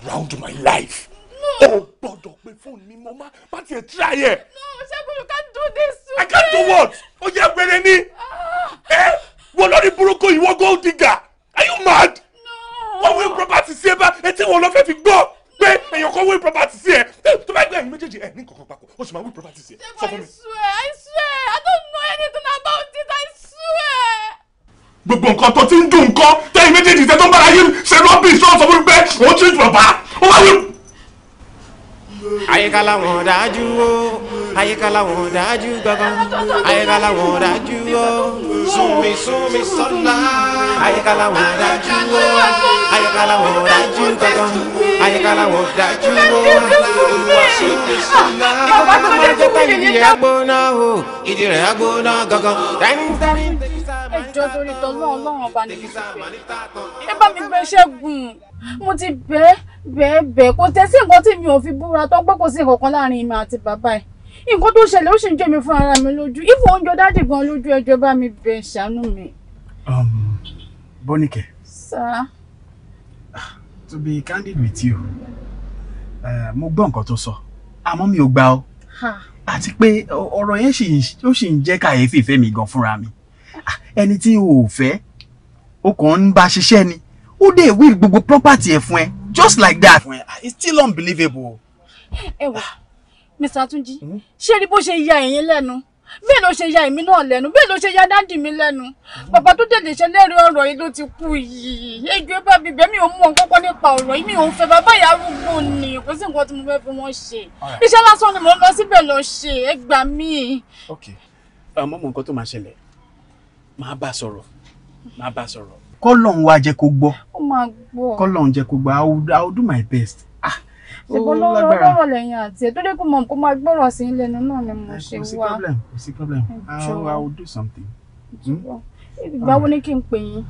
around my life. No. O gbọ́dọ̀ pé fóònù mi mo má má tiẹ̀ try ẹ̀. No, Ṣẹ́gun, you can't do this. I can't do what? Ó yẹ wẹrẹ ni. Ah. Ẹ wo lórí burúkú ìwọ gold digger? Are you mad? No. Wọ́n wí property sí ẹ bá etí wọn lọ fẹ́ fi gbọ́ pé èèyàn kan wí property sí ẹ tó bá gbé ẹ̀yin méjèèjì ẹ̀ ní kankan papọ̀ ó sì máa wí property sí ẹ sọ fún mi. I swear I swear I don't know anything about this. I swear. gbogbo nǹkan tó ti ń dùn nǹkan tẹ́yìn méjèèjì tẹ́ tó ń bára yé ṣe rọ́bì sọ́ọ̀sọ̀ wípé òun ti ń jù bàbá ó máa wí àyíkálá wọn dájú o àyíkálá wọn dájú gbọ̀ngàn àyíkálá wọn dájú o súnmi súnmi sọ́lá àyíkálá wọn dájú o àyíkálá wọn dájú gbọ̀ngàn àyíkálá wọn dájú o olúwa súnmi sọ́lá ọmọ tó tẹ̀lé ìdí rẹ̀ gbóná o ìdí rẹ̀ gbóná gangan dáńdáńdá. ẹjọ́ torí tọ́lọ́ ọlọ́run ọba ní kìsìkì ẹ bá mi gbé ṣẹ́gun mo ti bẹ́ẹ̀ bẹ́ẹ̀ bẹ́ẹ̀ kò tẹ́ sí nǹkan tí mi ò fi búra tó gbọ́ kò sí nǹkan láàrin mi àti bàbá ẹ̀ nǹkan tó ṣẹlẹ̀ ó sì ń jẹ́ mi fún ara mi lójú ìfọ̀ oúnjẹ dáàdì gan lójú ẹjọ́ bá mi bẹ̀ ṣàánú mi. Um, Bọ́nìkẹ́. Sá. Ah, to be candid with you, eh, mo gbọ́ nǹkan tó sọ, àmọ́ mi ò gbà ọ́. Àti pé ọ̀rọ̀ yẹn ó sì ń jẹ́ kàyéfì ìfẹ́ mi gan fúnra mi. Ah, ẹni tí o ò fẹ́, o kàn ń bá ṣiṣẹ́ ni. Who dẹ̀ will gbogbo property ẹ̀ fún ẹ just like that. it's still unbelievable. ẹ wò Mr. Atunji hmm? ṣé rí bó ṣe ya ẹ̀yin lẹ́nu bẹ́ẹ̀ ló ṣe ya èmi náà lẹ́nu bẹ́ẹ̀ ló ṣe ya dáàdì mi lẹ́nu bàbá tó tẹ̀lé ṣe lẹ́rìí ọ̀rọ̀ yìí ló ti kú yìí ejò bá mi bẹ́ẹ̀ mi ò mú wọn kọ́kọ́ nípa ọ̀rọ̀ yìí mi ò fẹ́ bàbá ìyá arúgbó ni kò sí nǹkan tí mo fẹ́ fi wọ́n ṣe iṣẹ́ lásán ni mò ń lọ síbẹ̀ lọ ṣe ẹ gbà mí. ok ọmọ mọ nǹkan tó máa ṣẹlẹ̀ máa bá sọ̀rọ̀ máa bá sọ̀rọ̀ kọ́lọ́n wa jẹ́ kó gbọ́ kọ́lọ́n jẹ́ kó gbọ́ i will do my best. Ah, ṣùgbọ́n lọ́rọ̀ lọ́rọ̀ lẹ́yìn àti ẹ̀ tó dé kó mọ̀ kó máa gbọ́rọ̀ sí lẹ́nu náà ni mo eh, ṣe wá. kò sí problem kò sí problem i will do something. Hmm? ìgbà wo ah. ni kí n pè yín.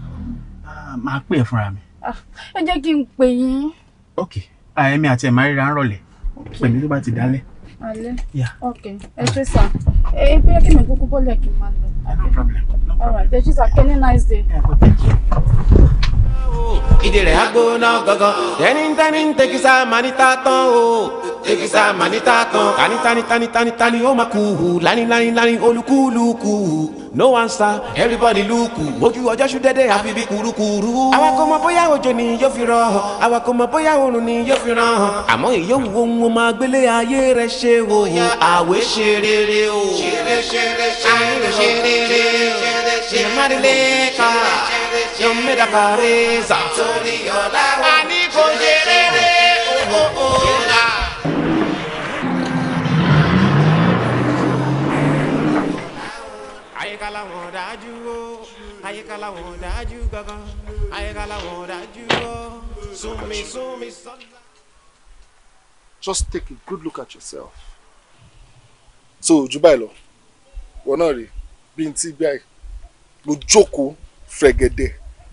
Ah, máa pè é fúnra mi. ẹ jẹ́ kí n pè yín. ok ẹ̀mí àti ẹ̀mí àríra ń rọ̀lẹ́ pè mí tó bá ti dálẹ̀. alẹ́ ok ẹ ṣe sá ẹ pé kí mi kúkú bọ́lẹ̀ kí n máa lọ. No problem. No problem. All right, Deji sir, any nice day. Yeah, good, thank you. ìdè rẹ̀ á gbóná gangan tẹ́nitẹ́ni ń tẹ́kísà manita tán o tẹ́kísà manita tán. tanitanitanitani ó máa kú lánilánilánil olúkúlùkù no answer everybody lùkù ojú ọjọ́ sùn dédé àfi bí kurukuru. àwa kò mọ bóyá òjò ni yóò fi rọ̀ àwa kò mọ bóyá oòrùn ni yóò fi ràn án. àmọ́ ìyóhùn ohun o máa gbélé ayé rẹ̀ ṣe o àwẹ̀ ṣe rere o. ṣeré ṣeré ṣeré ṣeré ṣèmárìlẹ̀ wo àní o o la. àyíkálá gangan àyíkálá wọn dájú o súnmi súnmi sọ́dọ̀. Just take a good look at yourself. So, Jùbáìlọ, wọ́n náà rèé bí n ti gbà ẹ mo jókòó so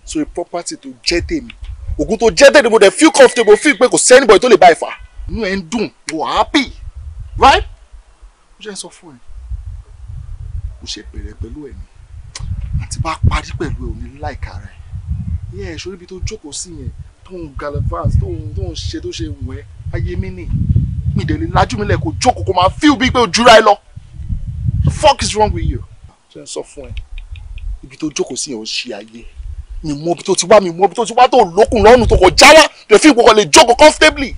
sórí property to jẹ́ tèmi ògùn to jẹ́ tèmi mo dẹ̀ feel comfortable feel pé kò sẹ́ni bọ̀ to lè bá ẹ fà inú ẹ ń dùn mo happy right mo ṣe sọ fún ẹ mo ṣe bẹ̀rẹ̀ pẹ̀lú ẹ̀ ni àti bá parí pẹ̀lú ẹ̀ ò ní láìka rẹ̀ yẹ ẹ̀ sórí ibi tó jókòó sí yẹn tó ń galvans tó ń tó ń ṣe tó ṣe wù ẹ́ ayé mi nì mi dẹ̀ lè lajú mi lẹ̀ kó jókòó kó máa feel bí pé ojú ra ẹ lọ the fuck is wrong with you ṣe ń sọ fún ẹ ibi tó jókòó sí yẹn ò ṣe ayé mi mọ ibi tó ti wá mi mọ ibi tó ti wá tó lókun lọ́rùn tó kọ jáwá tó fi ìkọkọ lè jókòó comfortably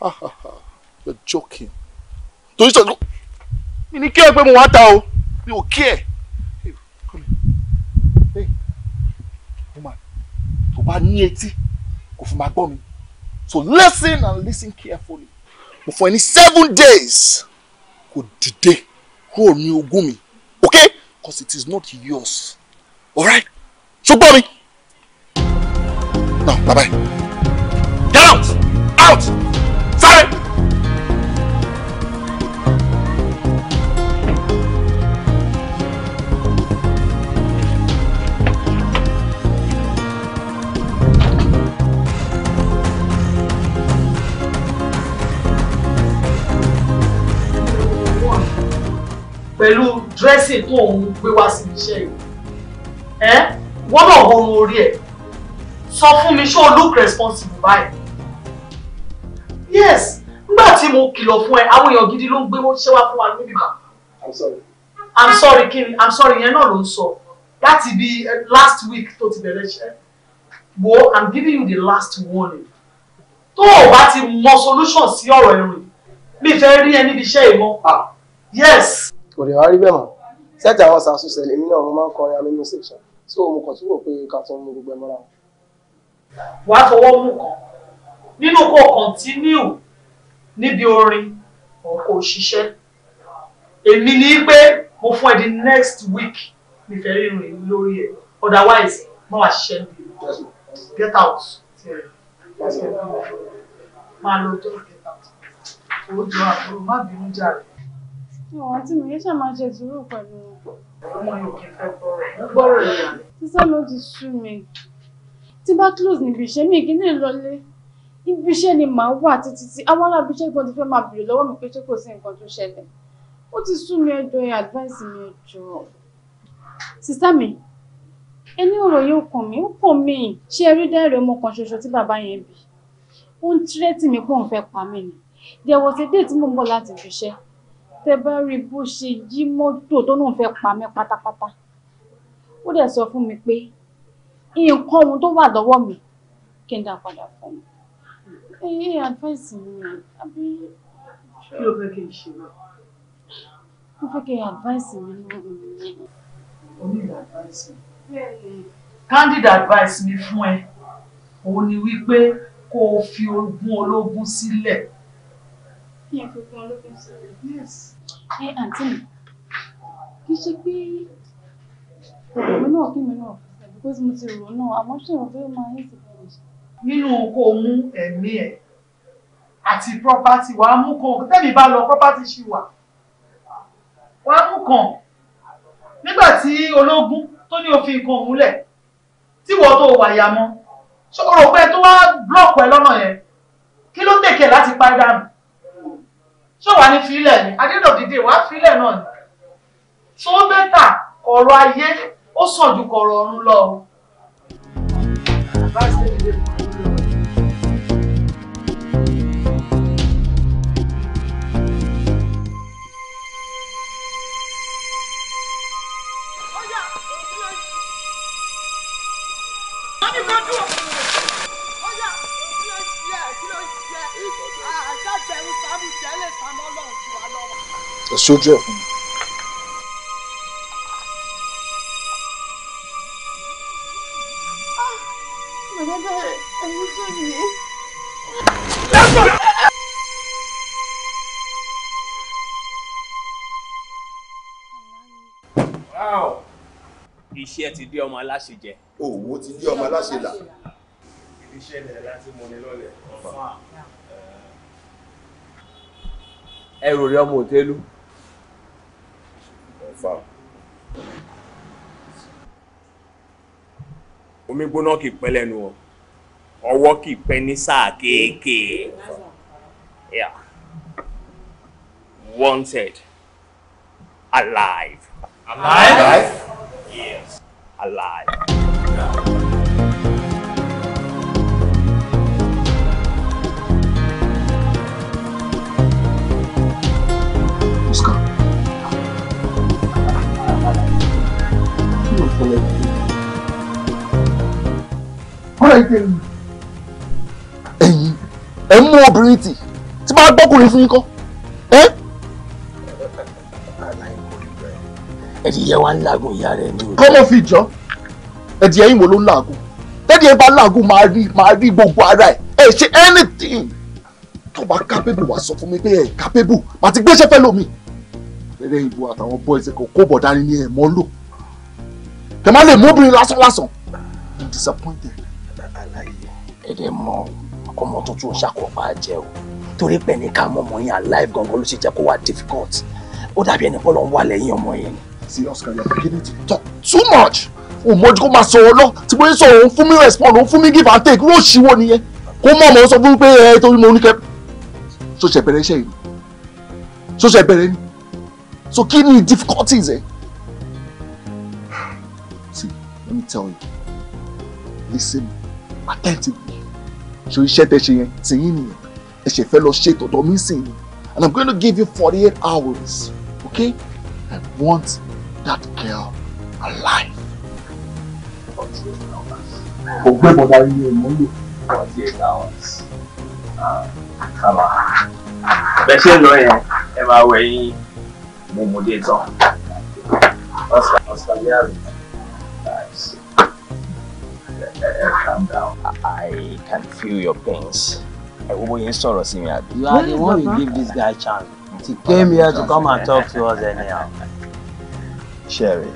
ha ha ha you're joking torí sọ mi ní kí ẹ pé mo wá ta o mi ò kí ẹ tó bá ní etí kò fi máa gbọ́ mi so listen and listen carefully mo fún ẹ ní seven days kò dìde kúrò ní ogún mi because it is not yours alright so gbọ́ mi now bye bye get out out sáré. pẹ̀lú dressing tó òun gbé wá sí iṣẹ́ yìí ẹ́ wọ́n náà orí ẹ̀ sọ fún mi ṣé look responsible báyìí yes nígbà tí mo kìlọ̀ fún ẹ àwọn èèyàn gidi ló ń gbé ṣé wá fún wa níbi kan i'm sorry i'm sorry kí i'm sorry yẹn náà ló ń sọ láti bí last week tó ti bẹ̀rẹ̀ ṣẹ́ wo i'm giving you the last warning tó o bá ti mọ solution sí ọ̀rọ̀ ẹ̀rìn mi fẹ́ rí ẹ níbi iṣẹ́ ìmọ̀ ah. yes. kò lè wá rí bẹ́ẹ̀ mọ́ set àwọn sàásù sẹ̀lẹ̀ mi náà mo máa ń kọrin àmì music ṣá so mo kàn túbọ̀ pé ká tún mú gbogbo ẹ mọ́ra wọn. wàá fọwọ́ mú kan nínú kó kọ̀ntínú níbi orin kò ṣiṣẹ́ èmi ní pé mo fún ẹ di next week nífẹ̀ẹ́ rírun èmi lórí ẹ̀ otherwise má wàá ṣiṣẹ́ níbi get out máa lọ tó get out ó jọ àbúrò má bínú jàre. Àwọn àti mi yẹn ṣàmà ṣe sùúrù pẹ̀lú wọn. Ọmọ yìí kì í fẹ́ gbọ́rọ̀. Gbọ́rọ̀ ni. Sísá ló ti sú mi. Tí bá close níbi iṣẹ́ mi kì í lè lọlé. Ibi iṣẹ́ ni màá wà títí tí àwọn alábi iṣẹ́ gbọ́n ti fẹ́ máa bèrè lọ́wọ́ mi pé ṣé kò sí nǹkan tó ṣẹlẹ̀. Ó ti sú mi ẹjọ́ yẹn advice mi ẹjọ́. Sísá mi, ẹni ọ̀rọ̀ yóò kàn mí, ó kàn mí. Ṣé ẹ rí dáìrẹ̀ ọmọ kan ṣoṣo tí bàbá yẹn bí? Ó ń tírẹ́tì mi pé òun fẹ́ pa mí ni. There was a day tí mo ń bọ̀ láti fi iṣẹ́ tẹ bá rí bó ṣe jí mọ́tò tó náà fẹ́ pa mí pátápátá ó dẹ̀ sọ fún mi pé nǹkan ohun tó wà lọ́wọ́ mi kí n dá padà fún mi ẹyẹ advice mi àbí. kí ló fẹ́ kí n ṣe náà. mo fẹ́ kí advice mi náà. advice candid advice mi fún ẹ òun ni wípé kó o fi ogún ológun sílẹ̀. Yes ẹ àǹtí mi kì í ṣe pé ọ̀gbìn náà kí mi náà because mo ti rò náà àmọ́ ṣé ìwọ̀n tó máa ń ṣe fẹ́rẹ̀ ṣe. nínú kó o mú ẹ̀mí ẹ̀ àti property wàá mú kó tẹ́mi bá lọ property ṣì wà wàá mú kàn nígbà tí ológun tó ní òfin nǹkan òun lẹ̀ tí wọ́n tó wà yà mọ́ ṣòro pé tó wá búlọ̀kù ẹ lọ́nà yẹn kí ló tẹ̀kẹ̀ láti parí dànù. So wàá ní fílẹ̀ ni adédọ̀ dídè wàá fílẹ̀ náà ni tó bẹ́tà ọ̀rọ̀ ayé ó sàn ju kọ̀rọ̀ ọ̀run lọ. bá a kò sójú ẹ̀ fún mi. iṣẹ́ ti dé ọmọ aláṣẹ jẹ. owó ti dé ọmọ aláṣẹ là. iṣẹ́ ilẹ̀ láti mú ni lọ́lẹ̀. ẹ rò rí ọmọ òtẹ́lú ẹ̀fà. omi gbóná kì í pẹ́ lẹ́nu o ọwọ́ kì í pẹ́ ní sáà kéékèé. Yeah. Wanted. Alive. Alive? Alive? Yes. Alive. ẹ̀yin ẹ mú obìnrin tì tí máa gbọ́kùnrin fún yín kọ́ ẹ́. ẹdìyẹ wa ń làágùn ìyá rẹ ní òde. kọ́mọ fi jọ ẹdìyẹ yìí wo ló ń làágùn tẹ́dìyẹ bá làágùn máa rí máa rí gbogbo ara ẹ̀ ẹ̀ ṣe anything tó bá capable wá sọ fún mi pé ẹ̀ capable màá ti gbéṣẹ́ fẹ́ lómi. eré ìbò àtàwọn boys kò kó bọ̀ dání ni ẹ̀ mọ́ lò tẹ má lè mú obìnrin lásán lásán i'm disappointed. alaye ẹ̀dẹ̀ mọ ọmọ tuntun ṣàkóbá jẹ o torí pé ní ká mọ ọmọ yẹn alive gangan ló ṣe jẹ́ kó wá difficult ó dàbí ẹni pọ́lọ́ ń wà lẹ́yìn ọmọ yẹn. serious Oscar, yàtọ̀ kí ni ti talk too much òun mọ́jú kó máa sọ̀rọ̀ lọ tí bóyá sọ̀rọ̀ òun fún mi respond òun fún mi give and take ló ṣíwó nìyẹn kó mọ̀ mọ̀ sọ fún mi pé ẹ torí mo oníkẹ́ ṣoṣẹ bẹ̀rẹ̀ iṣẹ́ yìí ṣoṣẹ bẹ̀rẹ̀ ni so kí ni difficulties ẹ̀. Eh? tell you listen attentively ṣe you share ṣe yẹn tìyín nìyẹn ẹ ṣe fẹ́ lọ and i'm going to give you 48 hours okay i want that girl alive. ògbé bọ̀dá yìí forty eight hours kàmá bẹ́ẹ̀ ṣe ń lọ yẹn ẹ máa wẹ̀ yín mo mú dé tán ọ̀sán guys. Calm down. I can feel your pains. Owó yín sọ̀rọ̀ sí mi àbí. You are the one who give this guy chance. He came here to come and talk to us anyhow. Sherry,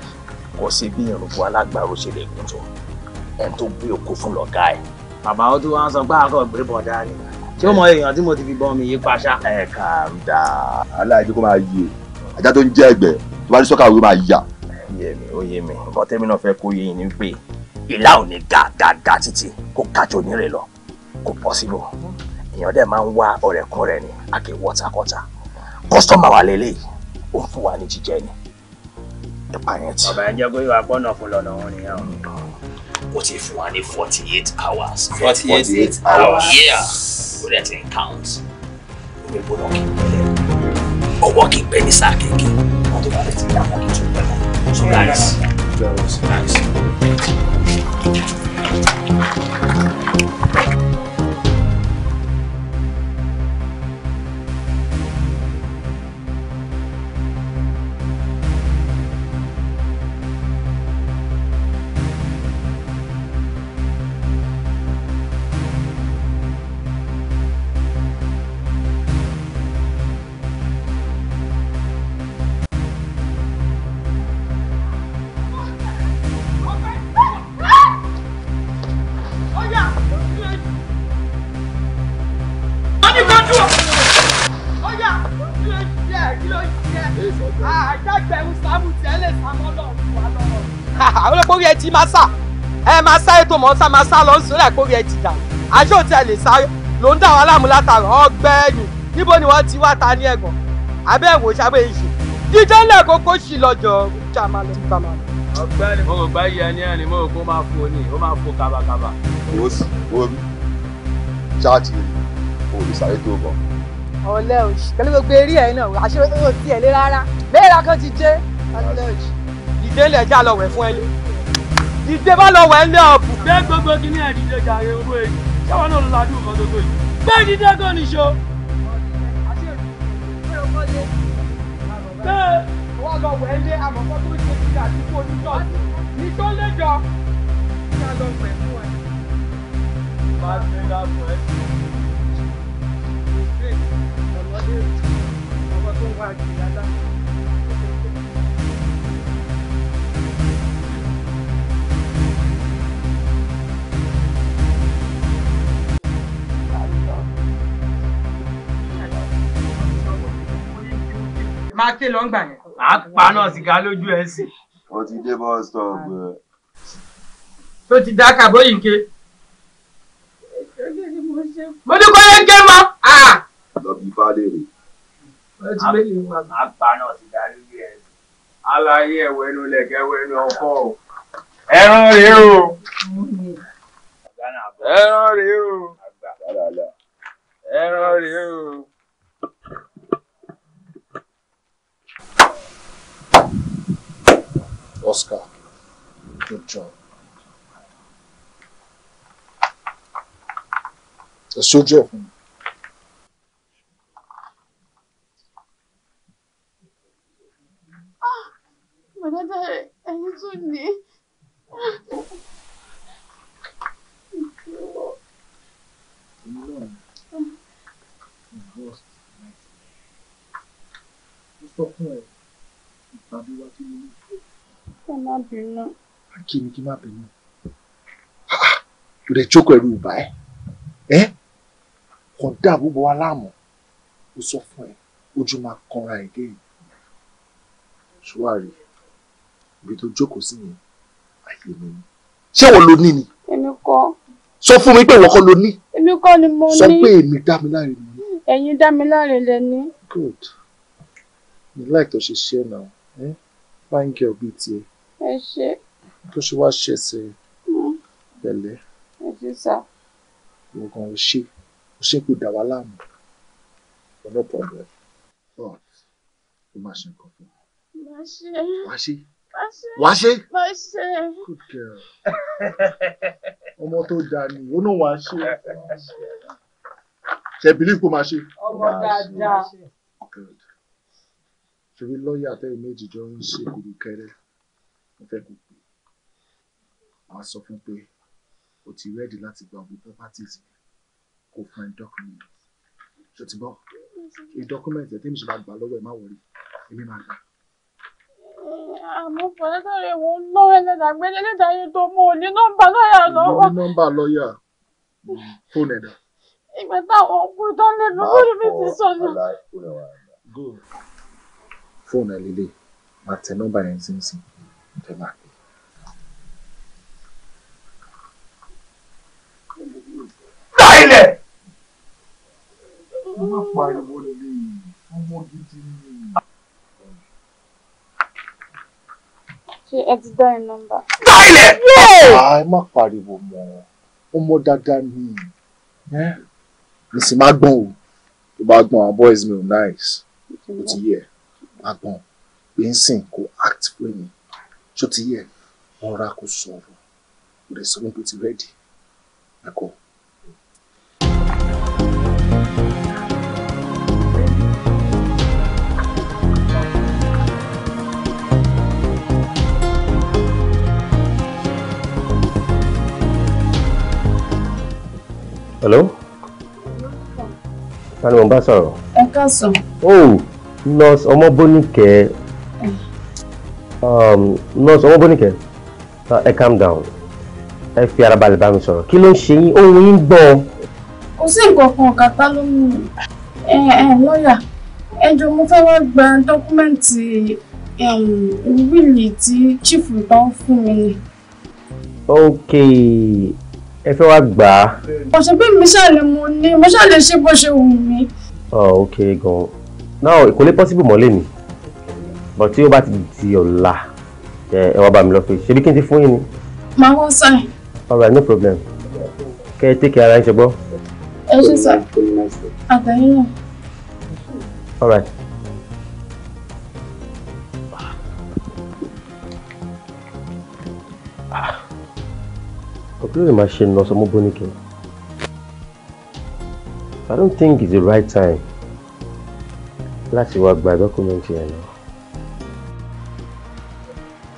kò sí bí ìrùkù alágbàro ṣe lè gùn tó. Ẹni tó gbé oko fún lọ̀gá ẹ̀. Bàbá ó tún wá ń sọ pé àkọ́ I'm bọ̀dá ni. Ṣé o mọ èèyàn tí mo ti fi bọ́ mi yí paṣá? calm down. Aláìní kó máa yí o. Ajá tó ń jẹ́ ẹgbẹ́ tó bá ní sọ́kà òwe yé mi ó yé mi nǹkan tẹ́mi náà fẹ́ kó yé yín ni pé ìlà ò ní ga dáadáa títí kó kájọ onírè lọ kò pọ́sibò èèyàn dẹ̀ máa ń wá ọ̀rẹ́kọ̀rẹ́ ni a kì í wọ́takọ́ta kọ́sítọ́mà ó ń fún wa ní jíjẹ ni nípa yẹn ti. ọ̀bà ẹ̀jẹ̀ gbé wa pọ́nà fún lọ́nà wọn nìyẹn o. ó ti fún wa ní forty eight hours. forty eight hours. yeah ó dẹ̀ count. ọwọ́ kí n bẹ̀ ní sáà kéèké. wọ́n tó bá lè ti dá kí n tún bẹ̀rẹ̀. Nice. Nice. mọ̀ sá máa sá lọ sórí àkórí ẹ̀ ti dà àṣé òtí ẹ̀ lè sá ló ń dà wá láàmú látàrọ ọgbẹ́ni níbo ni wọ́n ti wá ta ní ẹ̀gàn abẹ́ ìwò sábẹ́ ìṣe jíjẹ́ ńlẹ̀ kókó sí lọ́jọ́ jà máa lọ síta máa lọ. ọgbẹ́ni mo rò gbá yẹ ní ẹ̀rín mo rò pé ó máa fo ni ó máa fo kábàkábà. owó sì owó bí ṣáàtì olùsàrè tó bọ̀. ọ̀lẹ́ òṣì pẹ̀lú gbogbo eré ẹ̀ náà àṣé o ti ẹ̀ lé rárá léèrà kan ti jẹ́ ọ̀lẹ́ òṣì. ìdílé ẹja lọ wẹ̀ fún ẹ lé ìdílé bá lọ wẹ̀ ń lé ọ̀bù gbé gbogbo kí ní jàre owó èyí ṣáwọn náà ló ládùn gbogbo yìí gbé ìdílé gan bẹ́ẹ̀ wọ́n lọ wẹ̀ ẹ́ lé àmọ́kọ́ tó ṣe ti àdúgbò nítọ́ ní tó lé jọ ní àlọ́ pẹ̀ fún ẹ. máa gbé láàbù ẹ. ọ̀rọ̀ ọmọ tó ń wá àjùlá dáhùn. máa ké lọ́ngbà yẹn. a pa náà sìgá lójú ẹ sí. ó ti dé bus stop. tó ti dá kàbóyìn ké. mo ní kó yẹ ké mọ. lọ bí balẹ̀ rè. a pa náà sìgá lójú ẹ sí. aláyé ẹ̀wẹ̀ nu lẹ̀kẹ́ wẹ́nu ọkọ̀ o. ẹran rèé o. ẹran rèé o. ẹran rèé o. Oscar. Good job. A soldier. Bàdàdà ẹ̀yin tún ní. Mo sọ fún ẹ, ìpàdé wa tí mo ní kí n má bínú. kí ni kí n má bínú rẹ̀ jókòó ẹ̀rù ìbá ẹ̀ ẹ́ kò dá gbogbo wa láàmú ó sọ fún ẹ ojú máa kanra ẹ̀dẹ́ yìí ṣùwárí ibi tó jókòó sí yẹn àyè mi ni ṣé wọn lo ní ni. èmi kọ́. sọ fún mi pé ìwọ kọ́ lo ní. èmi kọ́ ni mo ní. sọ pé èmi Dámiláre ni. ẹ̀yin Dámiláre lẹ ní. good mi láì tó ṣe ṣe náà fine girl bíi tiẹ̀ ẹ ṣe. tó ṣe wá ṣẹ̀ṣẹ̀ hmm. pẹ̀lẹ́. ẹ ṣe sá. oògùn ò ṣe ò ṣe kò dà wá láàmú ọ̀nà pọ̀lẹ́ ọ̀ ó má ṣe nǹkan fún mi. má ṣe. má ṣe. Wá ṣe. Má ṣe. Good girl. Ọmọ tó dáa ni, ó náà wá ṣe. Ṣé bìlíf kó máa ṣe? Ọmọ dáadáa. Good. Ṣèbí lọ́ọ̀yà tẹ́lẹ̀ méjì jọ ń ṣe kùrù mo fẹ́ kó pè wàá sọ fún pé o ti rẹ́ẹ̀dì láti gba àwọn properties mi kó fún ẹ document ṣe ti bọ́ ṣe document ẹ̀ tí mo ṣe bá gbà lọ́wọ́ ẹ̀ má wọlé èmi máa gbà. àmọ́ pẹ̀lẹ́dà rẹ̀ wò ń lọ́wọ́ ẹlẹ́dà gbé ẹlẹ́dà yẹn tó mọ òní nọ́mbà lọ́ọ̀yà lọ́wọ́. òní nọ́mbà lọ́ọ̀yà fóònù ẹ̀dá. ìgbà táwọn ọkùn tán lẹ́nu lórí mi ti sọnù. fóònù ẹ̀ lélẹ̀ máa tẹ nọ́mbà yẹn sínsìn temaki. Láìlẹ̀! Mo máa pariwo lè ọmọ gidi ni. Ṣé ẹ ti dá ẹ nọ́mbà? Láìlẹ̀! Ẹ má pariwo mọ́, ọmọ dáadáa ni. Mi sì máa o, tó bá gbọ́n àwọn boys mi ò nice, ó ti yẹ, máa gbọ́n, bí n sìn kò act fún mi tó ti yẹ wọn ra kó sọ̀rọ̀ kò dẹ̀ sọ ní pé ti rẹ́ẹ̀dì ẹ̀kọ́. Hello? Ta ni mo bá sọ̀rọ̀? Ẹ ká sọ. Oh, nurse Ọmọbóníkẹ́ Um, nọ́ọ̀sì ọwọ́bọ́nìkẹ́ uh, ẹ calm down ẹ fi ara balẹ̀ bá mi sọ̀rọ̀ kí ló ń ṣe yín ohun yín gbọ́. kò sí nǹkan kan kàtá ló mú ẹ ẹ lọ́ọ̀yà ẹ jọ mo fẹ́ wá gba dọ́kúmẹ́ǹtì um, wíìlì tí chief tán fún mi ni. ok ẹ fẹ́ wá gbà á. ọ̀sẹ̀ bí mi ṣàlẹ̀ mo ní mo ṣàlẹ̀ ṣe bó ṣe wù mí. Oh, ok gan now kò lè possible mọ́ lé mi but tí ó bá ti di ọ̀la ẹ wá bá mi lọ pé ṣebí kí n ti fún yín ni. màá wọ́n sàn. alright no problem kẹ́ ẹ take ara yín ṣe gbọ́. ẹ ṣe sọ àtẹ̀yìn náà. alright. ọ̀pẹ́ ló máa ṣe nà ọ̀sán mú I don't think it's the right time láti wá by dọ́kúmẹ́ǹtì ẹ̀ náà.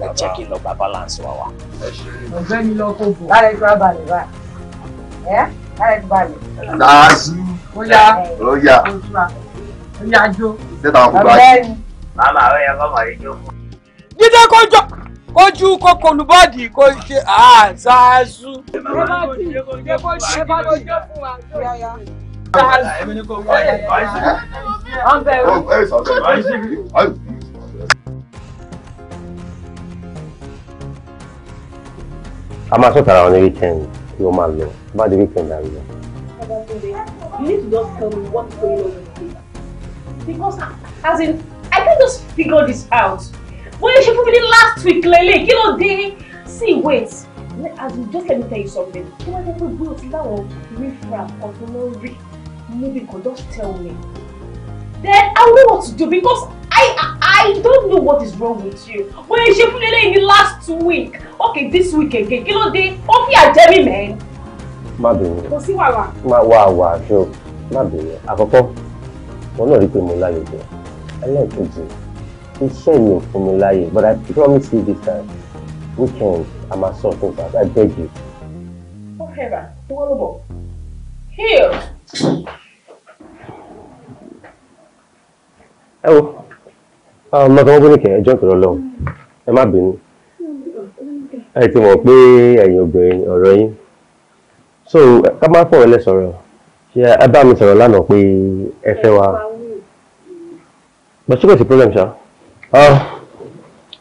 ẹ jẹ́ kí n lọ gba balance wa wa. ọ̀gbẹ́ni lọ kó bò. lára ìtura balẹ̀ báyìí ẹ́ lára ìtura balẹ̀. dàásù. ó yá ó yá ó yá jó. tẹ́tà wọn kò gbà jù. màmá rẹ̀ yẹ kọ́ màrí jó fún. jíde kó jọ ojú kókó olùbọ́ọ̀dì kò ṣe àṣàṣù. ẹ bá ti ẹ bá ti ẹ bá ti jó fún wa ọ̀bẹ̀rù. a máa sọ̀tà ara wọn ní weekend kí wọ́n máa lọ bá di weekend àrí lọ. You need to just tell me what's going on with me. Because, as in, I can't just figure this out. Bóyá ṣe fún mi ní last week lele. kí ló dé? See, wait, as in, just let me tell you something. Kí wọ́n jẹ́ pé bí o ti láwọn rí fúnra ọ̀tún ló rí níbi kan, just tell me. Then I know what to do because I, I I don't know what is wrong with you. When ẹ ṣe fúnlẹ̀ in the last week. Okay, this week again. Kí ló dé? Ó fi àjẹ́ mi mẹ́. Má bẹ̀rẹ̀. Kò sí wàrà. Má wà wà ṣó. Má bẹ̀rẹ̀. Àkọ́kọ́, wọn náà rí pé mo láyè jẹ. Ẹlẹ́ẹ̀kejì, iṣẹ́ mi but I promise you this time, weekend, I ma sọ fún bàbá bẹ́ẹ̀gì. Ó fẹ́ra, wọ́n ló bọ̀. Here. Ẹ ọmọ kan bó ní kẹ ẹjọ́ ìpínlẹ̀ ọlọ́run ẹ má bínú ẹ ti mọ̀ pé ẹ̀yin obìnrin ọ̀rọ̀ yín so ká má fọ̀rọ̀ lẹ sọ̀rọ̀ ṣe ẹ bá mi sọ̀rọ̀ lánàá pé ẹ fẹ́ wa but ṣùgbọ́n a problem ṣá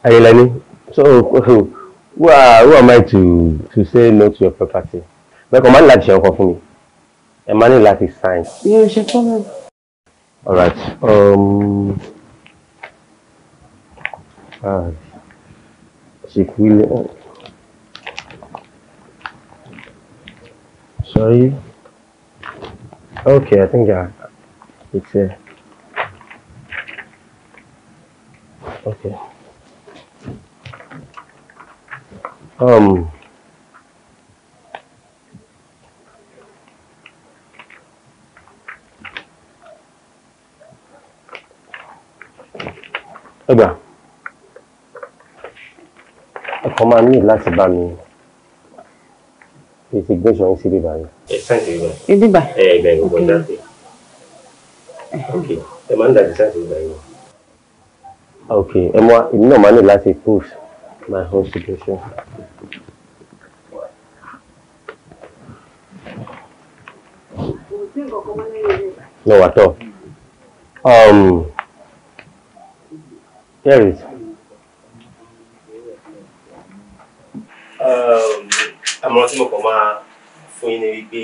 ẹ̀yin ah, lẹ́ni so who are who am I to to say no to your property bẹ́ẹ̀ kọ́ máa ní láti ṣe ọkọ̀ fún mi ẹ máa ní láti sign. mi ò ṣe fọ́nà. all right. Um, charge. Equivalent. Sorry. Okay, I think I, it's a. Okay. Um. Okay. ẹ̀kọ́ máa ní láti bá mi èsì gbẹ̀sọ̀ ń sí bíbá yẹn. ẹ sáǹtì bíbá. ibíbá. ẹ ẹ bẹ̀rẹ̀ ọgbọ̀n jáde. ok ẹ máa ń dàbí sáǹtì bíbá yẹn. ok ẹ mọ èmi náà máa ní láti prove my whole situation. no at Um, here is. Ehm, àmọ́ tí mo kàn máa fún yín ni wípé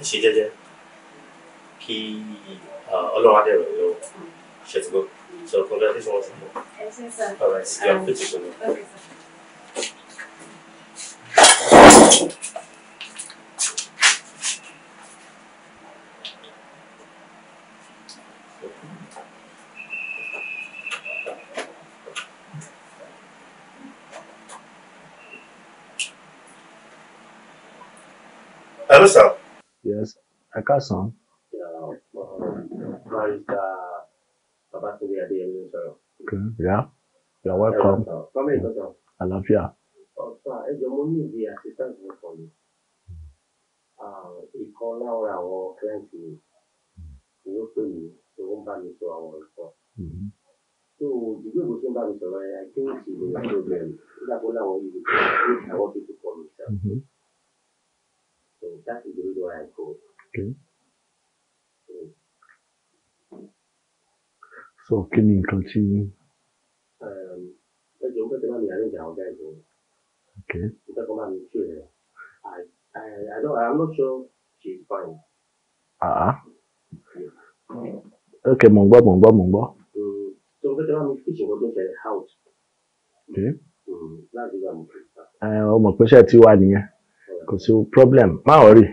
ẹ ṣe jẹ́jẹ́ kí ọlọ́run adẹ̀rọ̀ yọ ṣe ti gbọ́ so congratulations once again. all right you are free to go now. Ẹ káàsán. Barrister you are welcome. Báwo ni ìtọ́jú? So ìgbé I think she will have So that is the reason why I go. Okay. So can you continue? tí. Ehm, ẹ jọ̀ọ́ nǹkan tí máa mi arrange àwọn guys yẹn. Okay. Nǹkan kan máa mi ṣe I I I don't I'm not sure she's fine. Ah. ah. Okay, mo Okay. gbọ́, mo ń gbọ́, mo ń gbọ́. Mm, so nǹkan tí máa Okay. fíṣì nǹkan tó ń ṣẹlẹ̀ house. Okay. Láti gbà mo fi. Ọmọ pẹ́ṣẹ́ ti wà nìyẹn. Kò sí problem. Má wọrí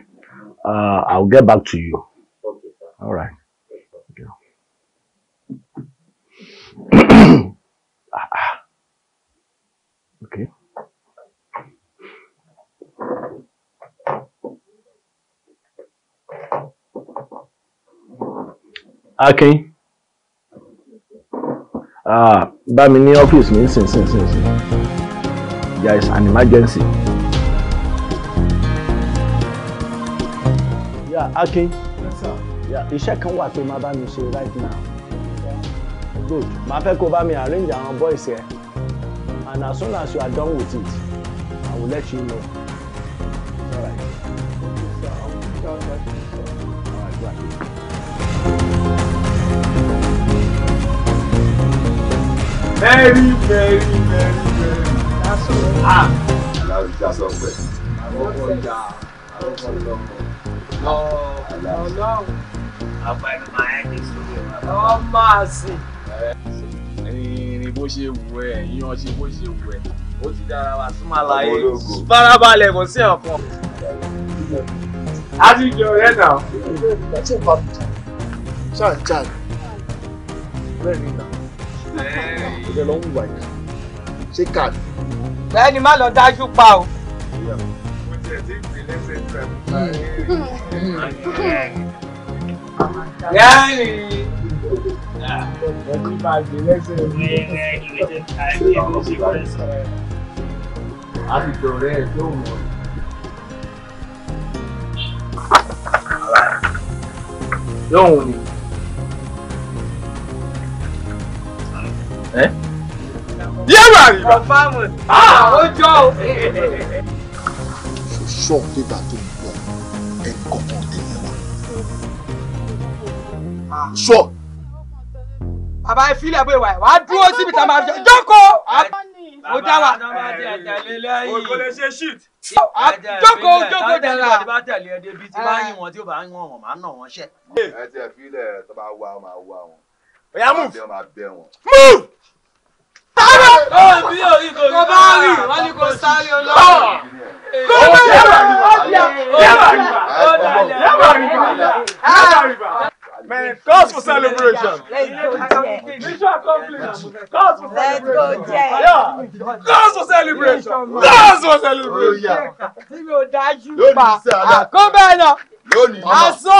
uh, I'll get back to you. Okay, All right. Okay. okay. Akin. Ah, bá mi ní ọ́fíìsì mi nísinsìnyí. There is an emergency. Akin iṣẹ́ kan wà pé má bá mi ṣe right now good máa fẹ́ kó bá mi arrange àwọn boys ẹ and as soon as you are done with it I will let you know. All right. All right, go ahead. very very very very that's all ah that's that's all good àwọn ọmọ ìyá àwọn ọmọ ìlọmọ. Ọlọ́run. Ọ̀pọ̀ ẹnu máa ẹ́ ní sórí ìwà. Ọmọ àsìn. Rìnrìn bó ṣe wù ẹ́, yan ṣe bó ṣe wù ẹ́. Ó ti dára wa súnmọ́ àlàyé. Farabalẹ̀ kò sí ọ̀kan. A ti jọ rẹ̀ náà. Ṣáà jà ní. Bẹ́ẹ̀ ni náà. Ìjọba ń wà yìí. Ṣé káàdì? Bẹ́ẹ̀ni má lọ dájú pa o. Mo tiẹ̀ ti ń pè lẹ́sẹ̀ Yáàni. Ẹ̀mí máa gbé lẹ́sẹ̀ mi. A ti dọ̀rẹ́ ẹ̀ tó mọ̀. Lóhùn ni. Yẹ́rù àríwá. Ọ̀fáàmù. Ah, ó jọ o. Ṣọ́ọ̀kì bàtò mi ẹ̀kọ́ kan tẹ̀lé wa. sọ. bàbá ìfilẹ̀ bó ìwà ẹ̀ wá dúró síbi tá a máa fi jókòó. mo dá wa. o lè ṣe shit. jókòó jókòó dẹ̀ra. tí bá tẹ̀lé ẹ débi tí bá yín wọn tí ó bá ń wọn wọn máa ń nà wọn ṣẹ. ẹ ti ẹ fi ilẹ̀ tó bá wá máa wá wọn. ó yá move. move bí orí kò rí bá rí wọn ni kò sáré ọlọ́run. kó bá yẹ wà rí yẹ wà rí yẹ wà rí. Man, cause for celebration. Let's go, Jay. Mission accomplished. Cause for celebration. Let's go, Jay. Yeah. Cause for celebration. Cause for celebration. Tí mi ò dájú pa, àkóbẹ̀ náà, àsó.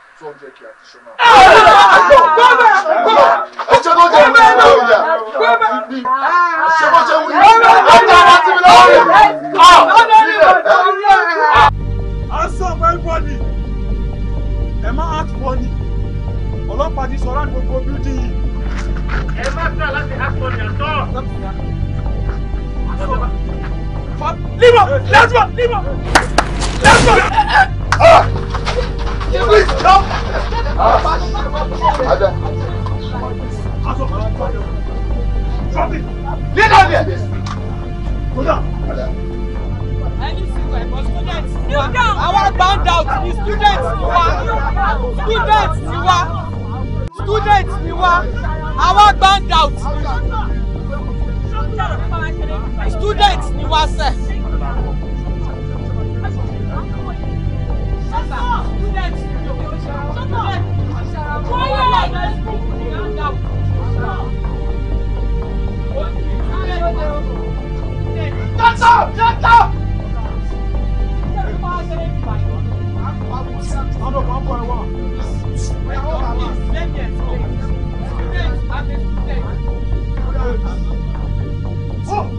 two hundred k additional. ayọ̀ gbọ́dọ̀ gbọ́dọ̀ ẹ̀ṣẹ̀ tó jẹ́ wíwá ìlú ìyá ẹ̀ṣẹ̀ tó jẹ́ wíwá ìlú ìyá ọjà wa ti fi lọ́wọ́ rẹ̀. ask Leave him! Let's go! Leave him! Let's go! Please stop. Drop it. Lay down there. Go down. Àwọn band out ni students ni wa students ni wa students ni wa àwọn band out students ni wa sẹ́. Oh,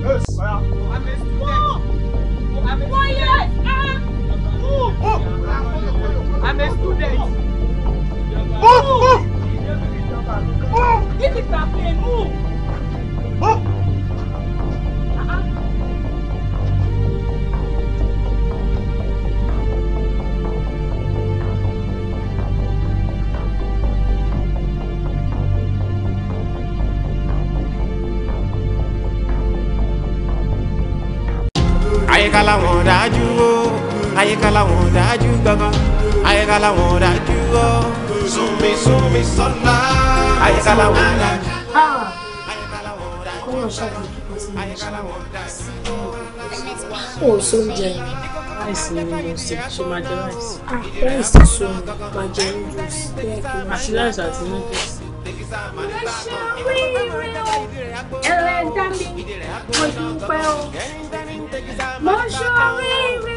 yes, I am. I'm a student. I'm a Quiet! Ah! I'm a student. Move, move. Move. This is my plane. Move. Move. àyíká làwọn dájú o àyíkálá wọn dájú gangan àyíkálá wọn dájú ọ. sunmi sunmi sọlá àyíkálá wọn dájú. kọ́ńtà ṣáàbì kíkọ́ sí mi ṣáà. ó sọ oúnjẹ ráìsì ni mo sè ṣe máa jẹ ráìsì. Ah, ráìsì sọ máa jẹ noodles bẹ́ẹ̀ kí n máa ṣe ráìsì àti noodles. ẹlẹ́dàá mi mo dúpẹ́ o mo ṣọ́ wíwí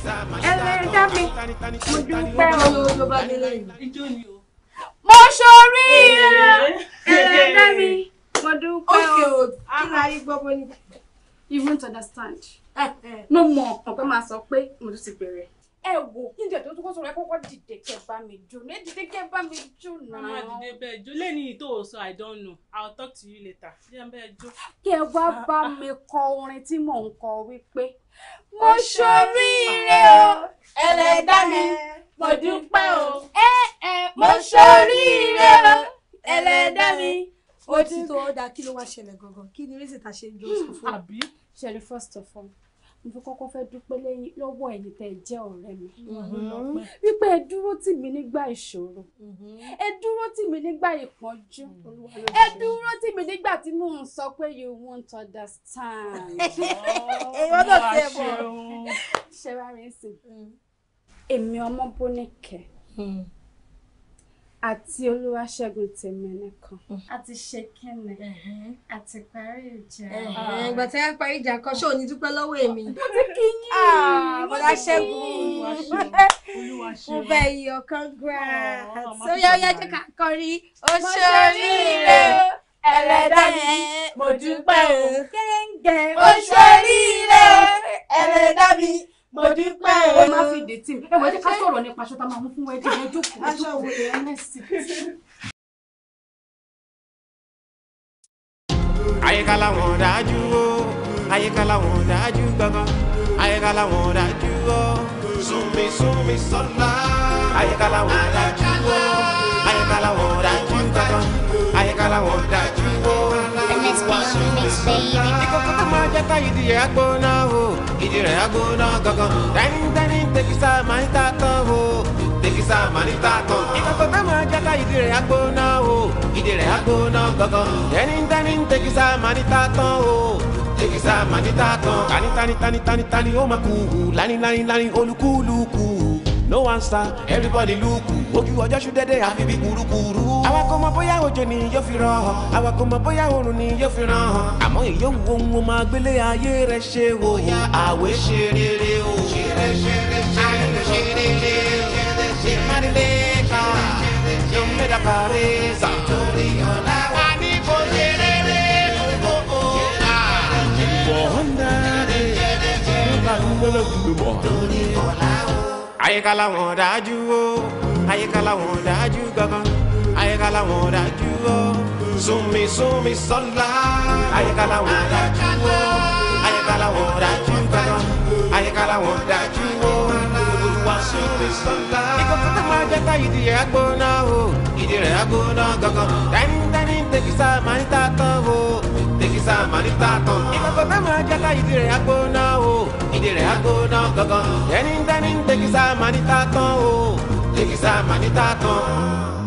ẹ̀rẹ̀ ẹ̀dá mi mo dúpẹ́ o. mo ṣorí ẹ̀rẹ̀ ẹ̀dá mi mo dúpẹ́ o. Ah, kí ni ayé ah. ni. even to understand eh, eh. no more ọ̀pẹ́ máa sọ pé mo tún ti bẹ̀rẹ̀ ẹ wò kí n jẹ tó kó sọ̀rọ̀ ẹ kọ́kọ́ dìde kẹ́ bá mi jó ní dìde kẹ́ bá mi jó mama dìde bẹ́ẹ̀ jó lẹ́ni ìtò òsọ i don't know i will talk to you later jẹ́ n bẹ́ẹ̀ jó. kí ẹ wá bá mi kọ orin tí mò ń kọ wípé. mo ṣoríire o ẹlẹ́dá mi mo dúpẹ́ o. ẹ ẹ mo ṣoríire o ẹlẹ́dá mi mo ti tó dáa kí ló wá ṣẹlẹ̀ gangan kí ni rísìtà ṣe jọ sọ fún mi. àbí ṣẹlẹ̀ first of all mo fi kọ́kọ́ fẹ́ dúpẹ́ lẹ́yìn lọ́wọ́ ẹ̀yin tẹ́ ẹ jẹ́ ọ̀rẹ́ mi mm-hmm. wípé ẹ dúró tì mí nígbà ìṣòro mm-hmm. ẹ dúró tì mí nígbà ìpọ́njú mm-hmm. ẹ dúró tì mí nígbà tí mò ń sọ pé you won't understand. wọ́n náà ti ẹ̀ bọ̀ ṣẹ́ra rẹ̀ èmi ọmọ bóníkẹ́. Mm àti olúwaṣẹ́gun tèmẹ́nìkan. Mm-hmm. a ti ṣe kẹ́nẹ̀ mm-hmm. a ti parí ìjà. Mm-hmm. Ah. ìgbà tí a parí ìjà kan ṣé ò ní dúpẹ́ lọ́wọ́ èmi. mo ti kí yín. Ah, olúwaṣẹ́gun mo bẹ iyọ̀ kan gbà. sóyá ọyá jẹ́ ká kọrin ó ṣe oríire ẹlẹ́dá mi mo dúpẹ́ o. kéńgé ó ṣe oríire ẹlẹ́dá mi mo dúpẹ́ o. ẹ má fi dè tí mi ẹ wọ́n ti ká sọ̀rọ̀ nípa aṣọ tá a máa mú fún wẹ́ẹ́dì ẹ jókòó aṣọ wo lè ẹ àyíká làwọn dájú o àyíká làwọn dájú gbọ̀ngàn àyíká làwọn dájú o súnmi súnmi sọ́lá àyíká làwọn dájú o àyíká làwọn dájú gbọ̀ngàn àyíká làwọn dájú o. ms baby ms baby. ìkókó tó máa jẹ́ káyìdì yẹn á gbóná o ìrìn agbóná gangan tẹ́nitẹ́ni tẹ́kísà máa ń ta tán o tẹ́kísà máa ń ta tán. ìkọ̀kọ̀ tẹ́ máa jáka ìdí rẹ̀ agbóná o ìdí rẹ̀ agbóná gangan tẹ́nitẹ́ni tẹ́kísà máa ń ta tán o tẹ́kísà máa ń ta tán. tani tani tani tani tani o máa kú lani lani lánìí olúkúlùkù no answer. everybody look ojú ọjọ́ ṣú dẹ́dẹ́ àfi bí kurukuru. àwa kò mọ̀ bóyá òjò ni yóò fi rọ̀ àwa kò mọ̀ bóyá oòrùn ni yóò fi ràn. àmọ́ èyí òun ohun o máa gbélé ayé rẹ ṣe o. bóyá àwẹ̀ ṣe rere o. ṣe rẹ ṣe rẹ ṣe rẹ ṣe rere ṣe má nílé ká yóò mẹ́ta parí sàtórí ọ̀la wa ní kò ṣe rere o. Bọ̀ọ́ndà rẹ̀ ló bá ń gbọ́dọ̀ gbogbo bọ̀. Torí ọ̀la àyíkálá wọn dájú o àyíkálá wọn dájú gangan àyíkálá wọn dájú o sunmi sunmi sọlá àyíkálá wọn dájú o àyíkálá wọn dájú gangan àyíkálá wọn dájú o olùwà sunmi sọlá. ìkókó tó máa jẹ́ ká ìdí rẹ̀ gbóná o ìdí rẹ̀ gbóná gangan dánídání tẹ̀kísà máa ń ta tán o ìsà màníta kan. ìkọ̀kọ̀ tá máa jáká ìdí rẹ̀ agbóná o ìdí rẹ̀ agbóná gangan ẹni ń dání ń tẹkísà màníta kan o tẹkísà màníta kan.